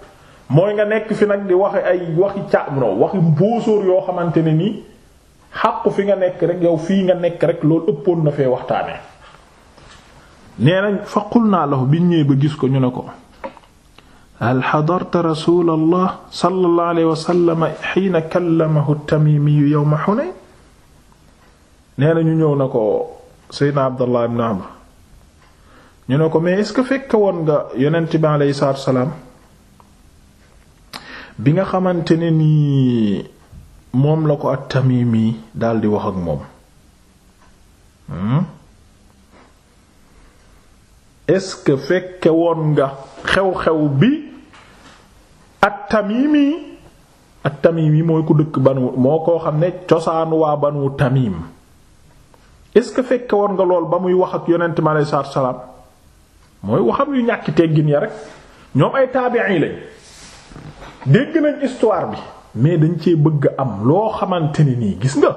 mooy nga nekk fi nag di waxe ay waxi càmro waxi mbóosóor yoo xamante ne nii xàqu fi nga nekk rek yow fii nga nekk rek loolu ëppoon na fee waxtaane nee nañ fa qul naa gis ko ñu ne ko hal xadarta rasulallah sallallahu alayhi wa sallam xiina kallamahu tamimiyu yowma xunayn nee na ñu ñëw na ko seydna abdallah ibn amr ñu ne ko mais est-ce que fekk woon nga yeneen bi alayhi salaatu wa salaam bi nga xamante ne nii moom la ko ak at dal di wax ak moom hmm? est que fekke woon nga xew-xew bi at-Tamimi at-Tamimi mooy ku dëkk banu moo koo xam ne cosaanu waa wu Tamim est-ce que fekke woon nga lool ba muy wax ak yonent mi alayhi salaatu salaam mooy waxam yu ñàkki teggin ya rek ñoom ay taabi'i lañ dégg nañ histoire bi mais dañ cee bëgg am loo xamante ni nii gis nga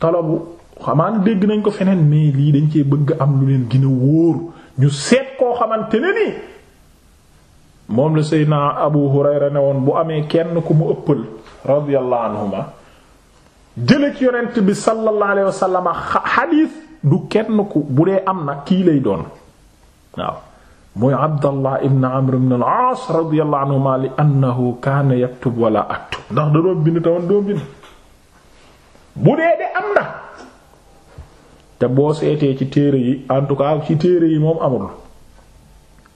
talabu xamaan dégg nañ ko feneen mais lii dañ cee bëgg am lu leen gën wóor ñu seet koo xamante ne nii moom la Seydina Abu Hurayra ne woon bu amee kenn ku mu ëppal radiyallahu anhuma jële ci yonent bi sallallahu alayhi wasallam xadiis du kenn ku bu dee am na kii lay doon waaw mooy Abdallah ibn Amr ibn al-Aas radiyallahu anhuma li annahu kaana yaktub wala aktub ndax da doon bind tawoon doon bind bu dee de am na te boo seetee ci téere yi en tout cas ci téere yi moom amul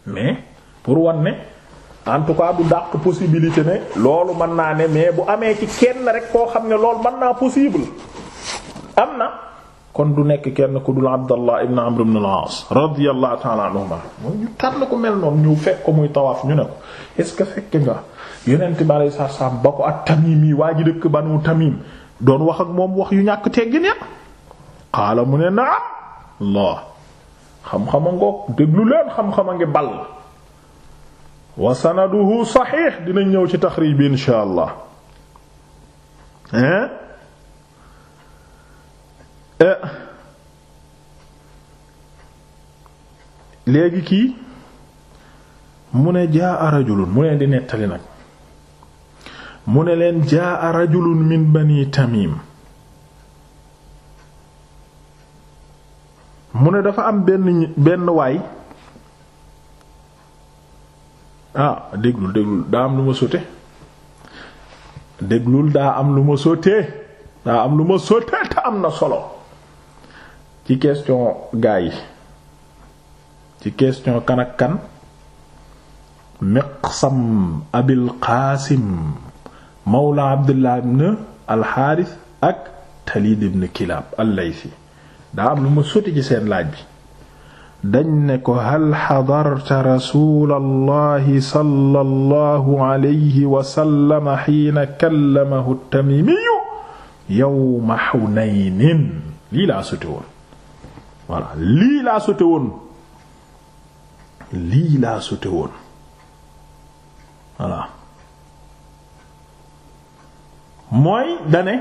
mais pour wan ne en tout cas du dàq possibilité ne loolu mën naa ne mais bu amee ci kenn rek koo xam ne lool mën naa possible am na kon du nekk kenn ku dul Abdallah ibn Amr ibn al-As radiyallahu ta'ala moom ñu tànn ko mel noonu ñu fekk ko muy tawaaf ñu ne ko est-ce que fekk nga yonent bi alayhi salaam ba ko at-Tamimi waa ji dëkk Banu Tamim doon wax ak moom wax yu ñàkk teggin ya qaala mu ne naam Allah xam-xama ngoog déglu leen xam-xama ngi bal wa saxiix dinañ ñëw ci taxriij bi inshaa Allah Eh. léegi kii mu ne jaa rajulun mu leen di nettali nag mu ne leen jaa rajulun min bani tamim mu ne dafa am benn benn waay ah déglul déglul daa am lu ma sote déglul daa am lu ma sotee daa am lu ma sotee te am na solo ci question gaa ci question kan ak kan miqsam abil qaasim mawla abdullah ibn alxaaris ak talid ibn kilaab allaysi daa am lu ma soti ci seen laaj bi dañ ne ko hal xadarta rasulallahi sallallahu alayhi wa sallam xiina tamimiyu yawma xunaynin lii laa sote woon voilà lii laa sote woon lii laa sote woon voilà mooy dane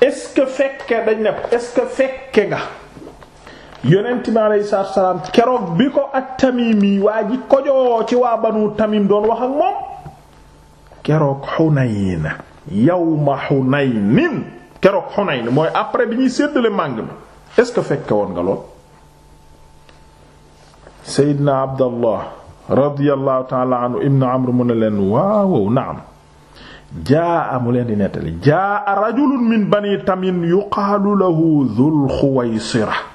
est-ce que fekke dañ ne est fekke nga yonent bi aleyhi salaatu keroog bi ko ak Tamimi waa ji kojoo ci waa Banu Tamim doon wax ak moom keroog Hunayn yawma Hunaynin keroog Xunayn mooy après bi ñuy séddale màng mi est-ce que fekke woon nga lool Seydina Abdallah radiyallahu taala anhu ibn Amr mu ne leen waawow naam jaa mu leen di nettali jaa rajulun min bani Tamim yuqaalu lahu Dhul Khuwaysira